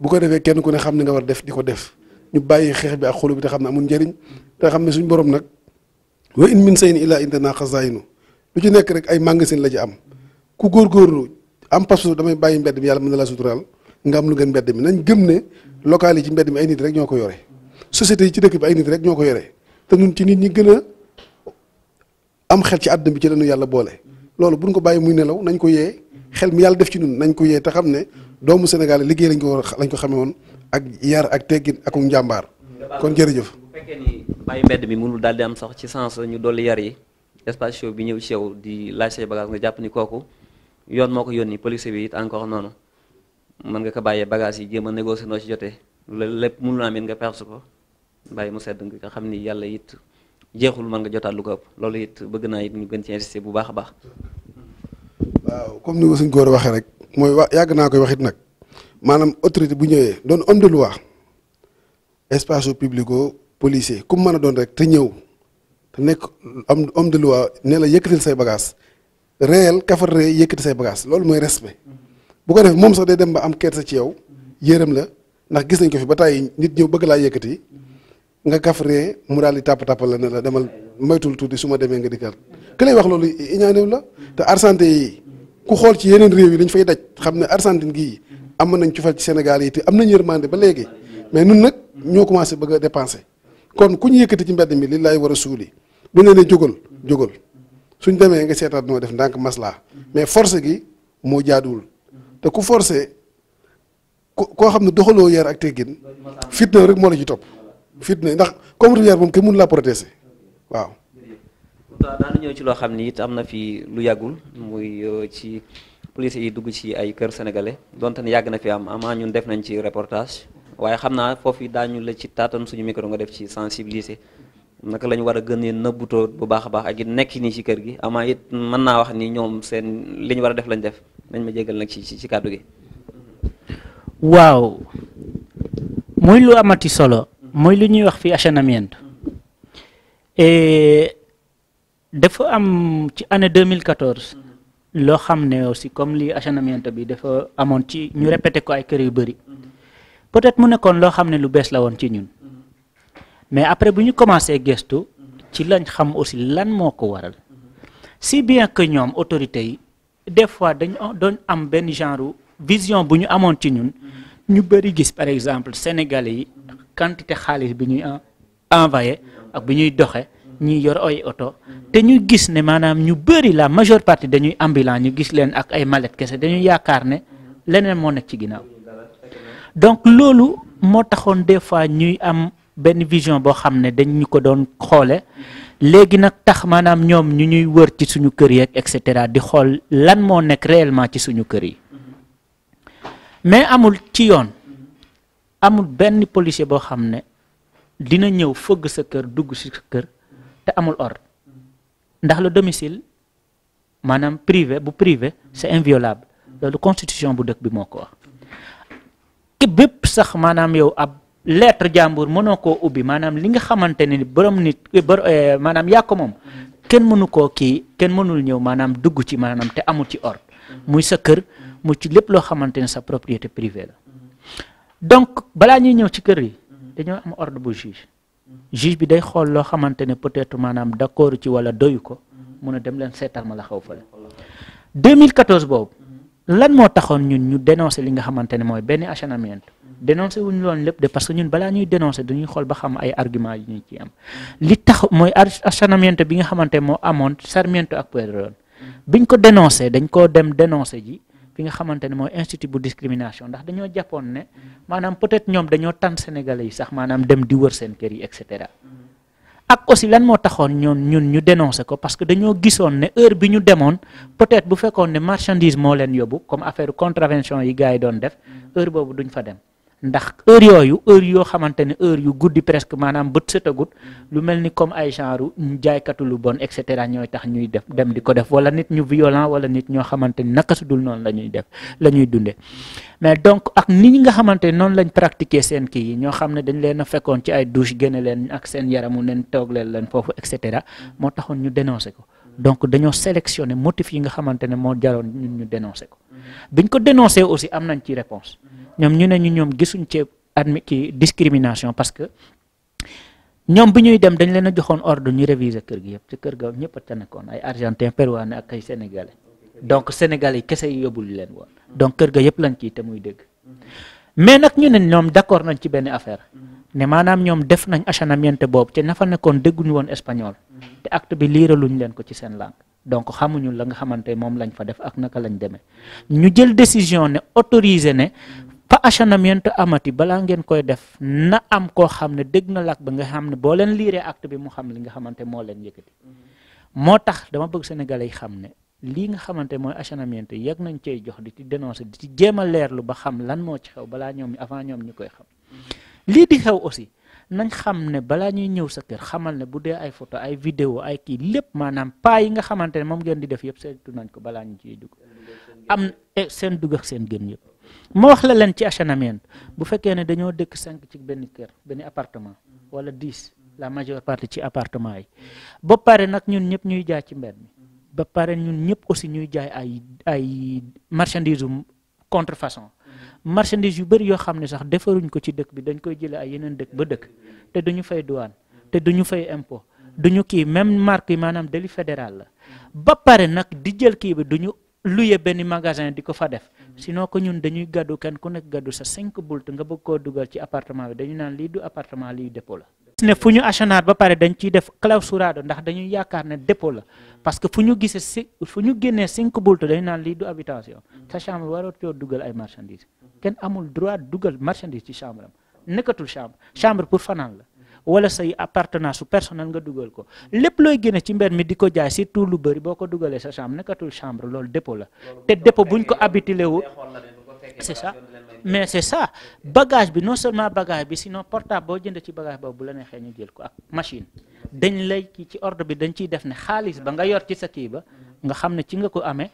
bu ko defee kenn ku ne xam ne nga war def di ko def ñu bàyyi xeex bi ak xolu bi te xam ne amul njariñ te xam ne suñ boroom nag wa in min sayin illaa indana xazaayinu lu ci nekk rek ay magasin la ci am ku góorgóorlu am pasu damay bàyyi mbedd mi yàlla mun na laa suturaal nga am lu gën mbedd mi nañ gëm ne local yi ci mbedd mi ay nit rek ñoo ko yore société yi ci dëkk bi ay nit rek ñoo ko yore te ñun ci nit ñi gën a am xel ci àdduna bi ci lañu yàlla boole loolu bu buñ ko bàyyi muy nelaw nañ ko yee xel mi yàlla def ci ñun nañ ko yee te xam ne doomu Sénégal liggéey lañ ko lañ ko xamee woon ak yar ak teggin ak njàmbaar jërëjëf fekkee ni bàyyi mbedd mi mënul daal di am sax ci sens ñu dolli yar yi espace bi ñëw ci yow di laaj say bagage nga jàpp ni kooku yoon moo ko ni police bi it encore noonu man nga ko bàyyee bagage yi jéem a négocier noo ci jotee loolu lépp mënul naa it nga perse ko bàyyi mu sedd nga xam ni yàlla it jeexul mën nga jotaat lu ko ëpp loolu it bëgg naa it ñu gën ci insister bu baax baax. waaw comme ni ko suñ waxee rek mooy wa yàgg naa koy wax it nag maanaam autorité bu ñëwee doon homme de loi policier ku man a doon rek te ñëw te nekk am de loi ne la yëkkatil say bagage réel kafar ree yëkkati say bagage loolu mooy respect bu ko def moom sax day dem ba am kersa ci yow yërëm la ndax gis nañ ko fi ba tàyyi nit ñëw bëgg laa yëkkati nga kafar ree mu daal di tàpp tàppal la ne demal maytul tuuti su ma demee nga dikkal ki lay wax loolu iñaanew la te Argentine yi ku xool ci yeneen réew yi dañ fay daj xam ne Argentine gii nañ cofeel ci Sénégal yi am nañ yërmande ba léegi mais nun nag ñoo commencé bëgg a dépenser kon ku ñu yëkkati ci mbedd mi lillaay war a suuli bu ne ne jógal jógal suñ demee nga seetaat noo def ndànk maslaa mais force gi moo jaaduwul te ku forcé koo xam ne doxaloo yar ak teggin fitna rek moo la ci topp fitna ndax communautaire moom kenn mun laa protéger waaw waaw daanu ñëw ci loo xam ni it am na fi lu yàggul muy euh, ci police yi dugg ci ay kër sénégalais donte ne yàgg na fi am amaa ñun def nañ ci reportage waaye xam naa foofu ñu la ci taatan suñu micro nga def ci sensibiliser naka lañu war a gën gënee nëbbutoo bu baax a baax ak it nekk nii ci kër gi amaa it mën naa wax ni ñoom seen li war a def lañ def nañ ma jégal nag ci ci kàddu gi. waaw muy lu amati solo. muy li ñuy wax fi achanamiento. dafa am ci année 2014. loo xam ne aussi comme li achanamiento bi dafa amoon ci ñu répété ko ay kër yu bëri. pour être mu nekkoon loo xam ne lu bees la woon ci ñun mais après bu ñu commencé gëstu ci lañ xam aussi lan moo ko waral si bien que ñoom autorités yi des fois dañu doon am benn genre vision bu ñu amoon ci ñun ñu bëri gis par exemple sénégalais yi quantité xaalis bi ñuy envoyé ak bi ñuy doxe ñuy yor oy oto te ñu gis ne maanaam ñu bëri la majeure partie dañuy ambulant ñu gis leen ak ay mallette kese dañuy yaakaar ne leneen moo nekk ci ginnaaw donc loolu moo taxoon des fois ñuy am benn vision boo xam ne dañ ñu ko doon xoole léegi nag tax maanaam ñoom ñu ñuy wër ci suñu kër yeeg et cetera di xool lan moo nekk réelement ci suñu kër yi mais amul ci yoon amul benn policier boo xam ne dina ñëw fëgg sa kër dugg si sa kër te amul ordre ndax le domicile maanaam privé bu privé c'est inviolable loolu constitution bu dëkk bi moo ko wax ci bépp sax maanaam yow ab lettre jàmbur mënoo koo ubbi maanaam li nga xamante ne borom nit eh, eh, maanaam yaa ko moom kenn mënu koo kii kenn mënul ñëw maanaam dugg ci maanaam te amul ci ordre muy sa kër mu ci lépp loo xamante ne sa propriété privée la donc balaa ñuy ñëw ci kër yi dañoo am ordre bu juge juge bi day xool loo xamante ne peut-être maanaam d'accord ci wala doyu ko mun a dem leen seetal ma la xaw fale 2014 lan moo taxoon ñun ñu dénoncé li nga xamante ne mooy benn acharnement dénoncé wuñu loon lépp de parce que ñun balaa ñuy dénoncé dañuy xool ba xam ay argument yu ñu ci am li tax mooy acharnement bi nga xamante moo amoon Sarmiento ak bi ñu ko dénoncé dañ koo dem dénoncé ji fi nga xamante ne mooy institut bu discrimination ndax dañoo jàppoon ne maanaam peut-être ñoom dañoo tànn sénégalais yi sax maanaam dem di wër seen kër yi et cetera ak aussi lan moo taxoon ñun ñun ñu dénoncé ko parce que dañoo gisoon ne heure bi ñu demoon peut-être bu fekkoon ne marchandise moo leen yóbbu comme affaire contravention yi gars yi doon def heure boobu duñ fa dem ndax heure yooyu heure yoo xamante ne heure yu guddi presque maanaam bët setagut mm-hmm. lu mel ni comme ay genre jaaykatu lu bon et cetera ñooy tax ñuy def dem di ko def wala nit ñu violent wala nit ñoo xamante ni naka su dul noonu la ñuy def la ñuy dundee mm-hmm. mais donc ak nit nga xamante ne noonu lañ pratiquer seen kii yi ñoo xam ne dañ leen a fekkoon ci ay douche génne leen ak seen yaramu neen toog leen leen foofu et cetera mm-hmm. moo taxoon ñu dénoncé ko donc dañoo sélectionné motif yi nga xamante ne moo jaroon ñun ñu dénoncé ko biñ ko dénoncé ñoom ñu ne ñu ñoom gisuñ ci admi ci discrimination parce que ñoom bi ñuy dem dañ leen a joxoon ordre ñu réviser kër gi yëpp ci kër ga ñëpp a ca nekkoon ay argentin peruwaane ak ay sénégalais donc sénégalais yi kese yi yóbbul leen woon donc kër ga yëpp lañ ciy te muy dégg mais nag ñu ne ñoom d'accord nañ ci benn affaire ne maanaam ñoom def nañ achanamiento boobu te nafa nekkoon dégguñu woon español te acte bi liiraluñ leen ko ci seen langue donc xamuñu la nga xamante moom lañ fa def ak naka lañ demee ñu jël pa achanamiento amati balaa ngeen koy def na am koo xam ne dégg na làkk ba nga xam ne boo leen liiree act bi mu xam li nga xamante moo leen yëkkati mm-hmm. moo tax dama bëgg sénégalais yi xam ne lii nga xamante mooy achanamiento yegg nañ cey jox di ci dénoncer di ci jéem a leerlu ba xam lan moo ci xew balaa ñoom avant ñoom ñu koy xam mm-hmm. lii di xew aussi nañ xam ne balaa ñuy ñëw sa kër xamal ne bu dee ay photo ay vidéo ay kii lépp maanaam paa yi nga xamante ne moom ngeen di def yëpp seetu nañ ko balaa ñu ciy dugg am eh, seen dugg ak seen gën yëpp ma wax la leen ci achanamien bu fekkee ne dañoo dëkk cinq ci benn kër benn appartement wala dix la majeure partie ci appartement yi ba pare nag ñun ñëpp ñuy jaay ci mbedd mi ba pare ñun ñëpp aussi ñuy jaay ay ay marchandise contrefaçon marchandise yu bëri yoo xam ne sax defaruñ ko ci dëkk bi dañ koy jëlee ay yeneen dëkk ba dëkk te duñu fay duwaan te duñu fay impôt duñu kii même marque yi maanaam délit fédéral la ba pare nag di jël kii bi duñu luye benn magasin di ko fa def sinon que ñun dañuy gàddu kenn ku nekk gàddu sa cinq boult nga bëgg koo dugal ci appartement bi dañu naan lii du appartement lii dépôt la. gis ne fu ñu achanaat ba pare dañ ciy def clausurado ndax ne dépôt la parce que fu ñu gisee si fu ñu génnee cinq boult dañu naan lii du habitation sa chambre waroo dugal ay marchandises kenn amul droit dugal marchandise ci chambre am nekkatul chambre chambre pour fanaan la. wala say appartenance su personnel nga dugal ko lépp looy génne ci mbedd mi di ko jaay surtout lu bëri boo ko dugalee sa chambre nekkatul chambre loolu dépôt la te dépôt buñ ko habitulé wu c'est ça mais c'est ça bagage bi non seulement bagage bi sinon portable boo jënd ci bagage boobu la neexee ñu jël ko ak machine dañ lay ci ordre bi dañ ciy def ne xaalis ba nga yor ci sa kii ba nga xam ne ci nga ko amee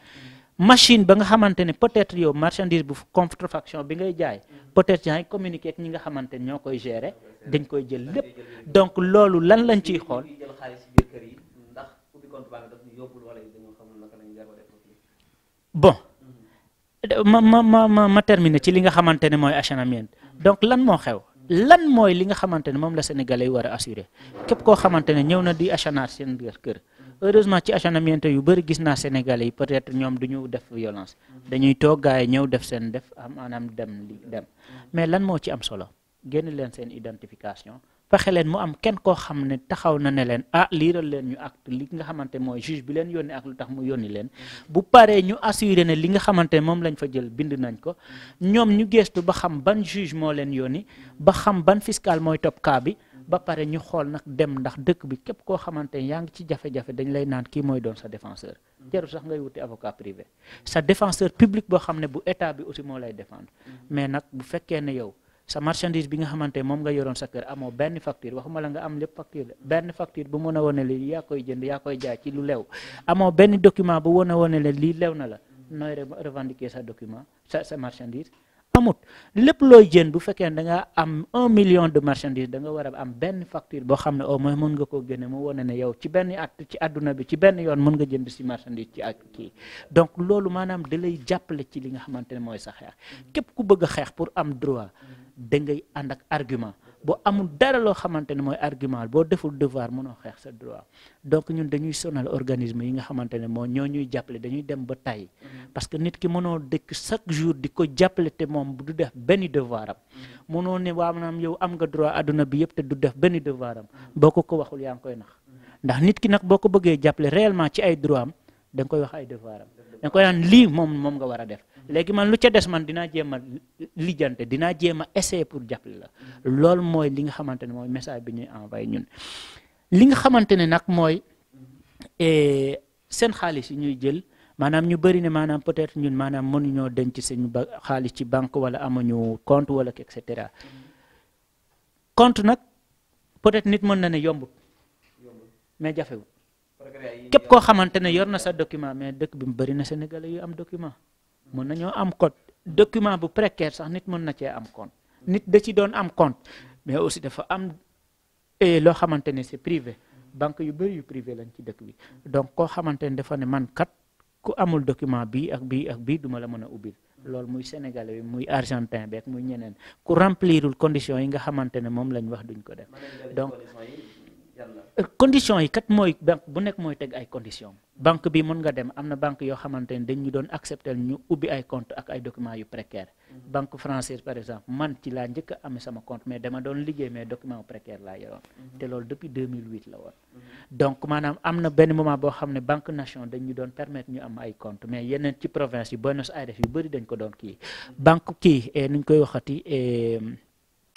machine ba nga xamante ne peut-être yow marchandise bu contrefaction bi ngay jaay peut-être yaa ngi communiqué nga xamante ne ñoo koy gérer dañ koy jël lépp donc loolu lan lañ ciy xool. bon ma ma ma ma ci li nga xamante ne mooy achanamienne donc lan moo xew. lan mooy li nga xamante ne moom la sénégalais yi war a assurer képp koo xamante ne ñëw na di achanaat H&M seen kër. heureusement ci acharnement yu bëri gis na Sénégalais yi peut-être ñoom du ñu def violence dañuy toog gars yi ñëw def seen def am maanaam dem dem mais lan moo ci am solo génn leen seen identification fexe leen mu am kenn koo xam ne taxaw na ne leen ah liiral leen ñu acte li nga xamante mooy juge bi leen yónni ak lu tax mu yónni leen bu paree ñu assuré ne li nga xamante moom lañ fa jël bind nañ ko ñoom ñu geestu ba xam ban juge moo leen yónni ba xam ban fiscal mooy topp ba pare ñu xool nag dem ndax dëkk bi képp koo xamante ne yaa ngi ci jafe-jafe dañ lay naan kii mooy doon sa défenseur mm-hmm. jarul sax ngay wuti avocat privé sa défenseur public boo xam ne bu état bi aussi moo lay défendre mm-hmm. mais nag bu fekkee ne yow sa marchandise bi nga xamante ne moom nga yoroon sa kër amoo benn facture waxuma la nga am lépp facture la benn facture bu mën a wane li yaa koy jënd yaa koy jaay ci lu lew mm-hmm. amoo benn document bu wane wane leen lii lew na la nooy revendiquer sa document sa sa marchandise amut lépp looy jënd bu fekkee ne da nga am un million de marchandise da nga war a am benn facture boo xam ne au moins mën nga koo génne mu wane ne yow ci benn at ci àdduna bi ci benn yoon mën nga jënd si marchandise ci ak kii donc loolu maanaam da lay jàppale ci li nga xamante ne mooy sa xeex képp ku bëgg a xeex pour am droit da ngay ànd ak argument boo amul dara loo xamante ne mooy argument boo deful devoir mënoo xeex sa droit donc ñun dañuy sonal organisme yi nga xamante ne moo ñoo ñuy jàppale dañuy dem ba tàyyi parce que nit ki mënoo dëkk chaque jour di ko jàppale te moom du def benn devoir mënoo ne waa maanaam yow am nga droit adduna bi yëpp te du def benn devoir am boo ko ko waxul yaa ngi koy nax ndax nit ki nag boo ko bëggee jàppale réellement ci ay droit am da koy wax ay devoir da koy naan lii moom moom nga war def léegi man lu ca des man dinaa jéem a lijjante dinaa jéem a essayer pour jàppale la loolu mooy li nga xamante ne mooy message bi ñuy envoyé ñun li nga xamante ne nag mooy eh, seen xaalis yi ñuy jël maanaam ñu bëri ne maanaam peut-être ñun maanaam mënuñoo denc seen ba xaalis ci banque wala amuñu compte wala et cetera compte nag peut-être nit mën na ne yombut mais jafewut képp koo xamante ne yor na sa document mais dëkk bi mu bëri na Sénégalais yu am document mën nañoo am code document bu précaire sax nit mën na cee am compte nit da ci doon am compte mais aussi dafa am e, loo xamante ne c'est privé banque yu bëri yu privé lañ ci dëkk bi donc koo xamante ne dafa ne man kat ku amul document bi ak bi ak bii duma la mën a ubbil loolu muy sénégalais bi muy argentin beeg muy ñeneen ku remplirul conditions yi nga xamante ne moom lañ wax duñ ko def condition yi kat mooy banque bu nekk mooy teg ay condition banque bi mën nga dem am na banque yoo xamante ne dañ ñu doon accepter ñu ubbi ay compte ak ay documents yu précaire mhm. banque française par exemple man ci laa njëkk a amee sama compte mais dama doon liggéey mais document yu laa yoroon mhm. te loolu depuis la woon mhm. donc maanaam am na benn moment boo xam ne banque nation dañ doon permettre ñu am ay compte mais yeneen ci province yu Buenos Aires yu bëri ko doon kii banque kii eh, nuñ koy waxati eh,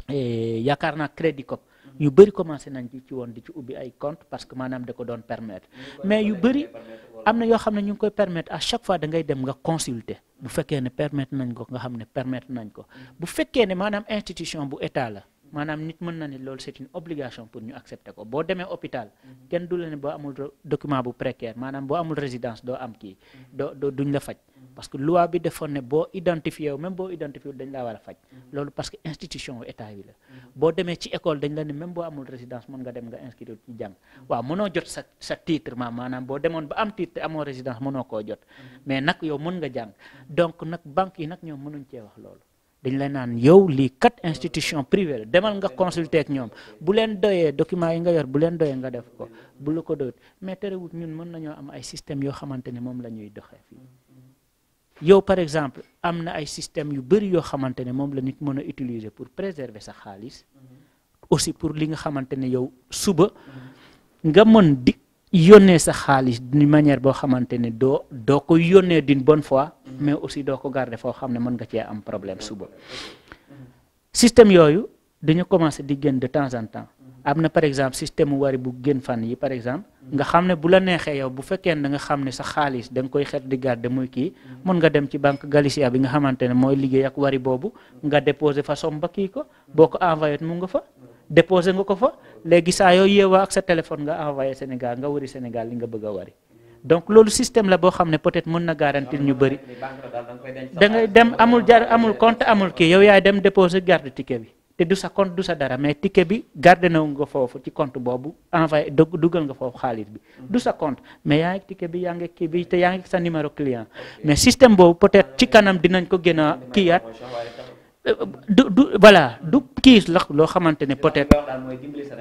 eh, yaakaar naa crédit cop ñu bëri commencé nañ di ci woon di ci ubbi ay compte parce que maanaam da ko doon permettre mais yu bëri am na yoo xam ne ñu ngi koy permettre à chaque fois da dem nga consulter bu fekkee ne permettre nañ ko nga xam ne permettre nañ ko mm. bu fekkee ne maanaam institution bu état la maanaam nit mën na ne loolu c'est une obligation pour ñu accepter ko boo demee hôpital mhm. kenn du la ne boo amul document bu précaire maanaam boo amul résidence mhm. mhm. bi defoon ne boo identifié wu même boo identifié wu dañ laa a faj loolu parce que institution wu état yi la boo demee boo amul résidence mën nga dem nga inscrire ci jàng waaw mënoo jot sa sa ma maanaam boo demoon ba am titre amoo résidence mënoo koo jot mais nag yow mën nga jàng donc nag banque yi nag ñoom mënuñ cee loolu dañ la naan yow lii quatre institution privée la demal nga consulter ak ñoom bu leen doyee documents yi nga yor bu ko bu la ko doyut mais wut ñun mën nañoo am ay systèmes yoo xamante ne moom la ñuy doxee fii yow par exemple am na ay systèmes yu bëri yoo xamante ne moom la nit mën a utiliser pour préserver sa xaalis mm-hmm. aussi pour li nga xamante yow suba nga mën di yónnee sa xaalis d'une manière boo xamante ne doo doo ko yónnee d'une bonne fois mais aussi doo ko garder foo xam ne mën nga cee am problème suba système yooyu dañu commencé di génn de temps en temps am na par exemple système wari bu génn fan yi par exemple nga xam ne bu la neexee yow bu fekkee ne da nga xam ne sa xaalis da koy xet di garder muy kii mën nga dem ci banque Galicia bi nga xamante ne mooy liggéey ak wari boobu nga déposer façon ba kii ko boo ko déposé nga ko fa léegi saa yoo yeewoo ak sa téléphone nga envoyé Sénégal nga wari Sénégal li nga bëgg a wari donc loolu système la boo xam ne peut-être mën na garantir ñu bëri da ngay dem amul jar amul compte amul ki yow yaay dem déposé garde ticket bi te du sa compte du sa dara mais ticket bi garde na nga foofu ci compte boobu envoyé dog dugal nga foofu xaalis bi du sa compte mais yaa ngi ticket bi yaa ngi kii bi te yaa ngi sa numéro client mais système boobu peut-être ci kanam dinañ ko gën a kiiyaat du du voilà du kii la loo xamante ne peut-être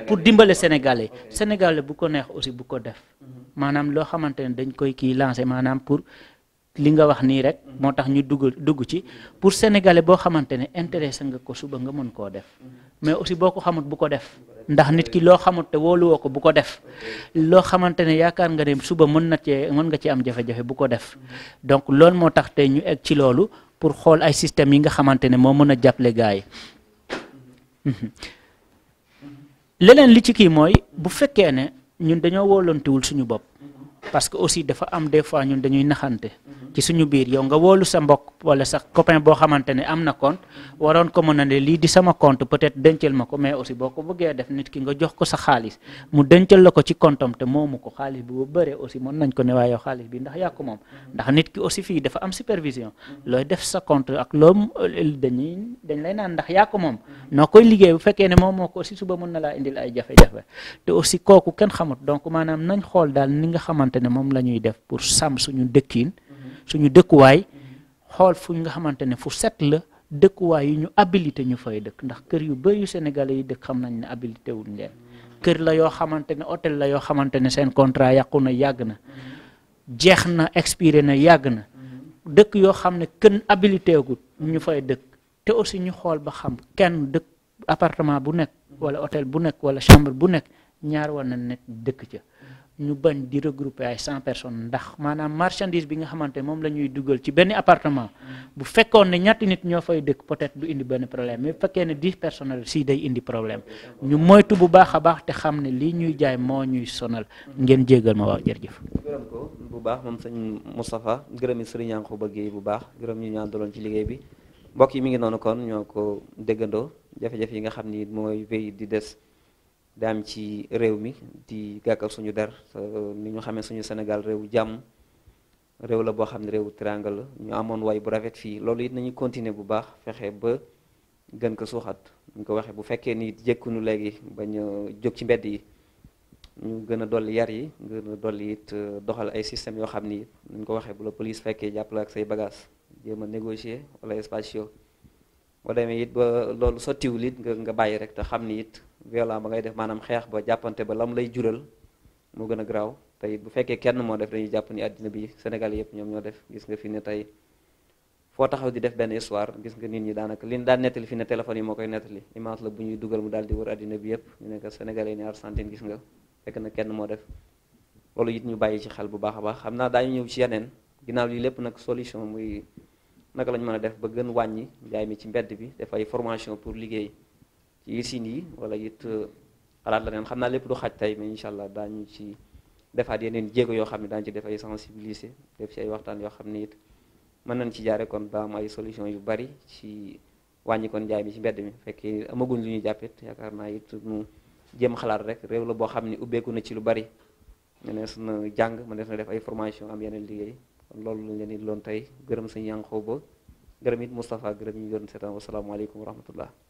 pour dimbale sénégalais sénégalais bu ko neex aussi bu ko def maanaam loo xamante ne dañ koy kii lancé maanaam pour li nga wax nii rek moo tax ñu dugg dugg ci pour sénégalais boo xamante ne intéressé nga ko suba nga mën koo def mais aussi boo ko xamut bu ko def ndax nit ki loo xamut te wóoluwoo ko bu ko def loo xamante ne yaakaar nga ne suba mën na cee mën nga ci am jafe-jafe bu ko def donc loolu moo tax tey ñu egg ci loolu pour xool ay système yi nga xamante ne moo mën a jàppale gars yi mhm. leneen li ci kii mooy bu fekkee ne ñun dañoo wóolantewul suñu bopp parce que aussi dafa am des fois ñun dañuy naxante ci suñu biir yow nga woolu sa mbokk wala sa copain boo xamante ne am na compte waroon ko mën a ne lii di sama compte peut-être ma ko mais aussi boo ko bëggee la ko ci comptam te aussi mën nañ ko ne waaye xaalis bi ndax yaa moom ndax nit ki aussi fii dafa am supervision looy def sa compte ak loom dañuy dañ lay naan ndax yaa moom noo koy liggéey fekkee ne moom moo ko aussi suba mën na laa indil ay jafe-jafe ne moom la ñuy def pour sàmm suñu dëkkiin suñu dëkkuwaay xool fu nga xamante ne fu set la dëkkuwaay yu ñu habilité ñu fay dëkk ndax kër yu ba yu sénégalais yi dëkk xam nañ ne habilité wuñ leen kër la yoo xamante ne hôtel la yoo xamante seen contrat yàqu na yàgg na jeex na expiré na yàgg na dëkk yoo xam ne kenn habilité ñu fay dëkk te aussi ñu xool ba xam kenn dëkk appartement bu nekk wala hôtel bu nekk wala chambre bu nekk ñaar war na nekk dëkk ca ñu bañ di regrouper ay cent personnes ndax maanaam marchandise bi nga xamante moom la ñuy dugal ci benn appartement mm. bu fekkoon ne ñetti nit ñoo fay dëkk peut-être du indi benn problème mais bu fekkee ne dix personnes si day indi problème ñu moytu bu baax a baax te xam ne lii ñuy jaay moo ñuy sonal ngeen jégal ma waa jërëjëf. gërëm bu baax moom sëñ Moustapha gërëm yi sëriñ Yankuba Gueye bu baax gërëm ñu ñaan doloon ci liggéey bi mbokk yi mi ngi noonu kon ñoo ko déggandoo jafe yi nga xam ni mooy wéy di des. di am ci réew mi di gàkkal suñu der ni ñu xamee suñu Sénégal réew jàmm réew la boo xam ne réewu triangle la ñu amoon way bu rafet fii loolu it nañu continuer bu baax fexe ba gën ko suuxat ñu ko waxee bu fekkee ni jëkkunu léegi ba a jóg ci mbedd yi ñu gën a dolli yar yi gën a dolli it euh, doxal ay systèmes yoo xam ni ñu ko waxee bu la police fekkee jàppale ak say bagages jéem a négocier wala espacio boo demee it ba loolu sottiwul it nga nga bàyyi rek xam ni it violent ba ngay def maanaam xeex ba jàppante ba lam lay jural moo gën a garaaw tey bu fekkee kenn moo def dañuy jàpp ni àddina bi Sénégal yëpp ñoom ñoo def gis nga fi ne tey foo taxaw di def benn histoire gis nga nit ñi daanaka liñ daan nettali fi ne téléphone yi moo koy nettali image la bu ñuy dugal mu daal di wër àddina bi yëpp ñu nekk Sénégal yi ne Argentine nga fekk na kenn moo def loolu it ñu bàyyi ci xel bu baax a baax xam naa daañu ñëw ci yeneen ginnaaw lii lépp nag solution muy naka lañ mën a def ba gën wàññi njaay mi ci mbedd bi def ay formation pour liggéey ci isin yi wala it euh, xalaat la neen xam naa lépp du xaj tey mais incha allah daañu ci defaat yeneen jéego yoo xam ne daañu ci def ay sensibiliser def ci ay waxtaan yoo xam ne it mën nañ ci jaare kon ba ay solution yu bari ci wàññi kon njaay mi ci mbedd mi fekkee amaguñ lu ñuy jàppit yaakaar naa it mu jéem xalaat rek réew la boo xam ne ubbeeku na ci lu bari mënees na jàng mënees na def ay formation am yeneen liggéey kon loolu lañ leen di loon tey gërëm sañ yanqoo ba gërëm it Moustapha gërëm ñu doon seetaan wasalaamaaleykum wa rahmatullah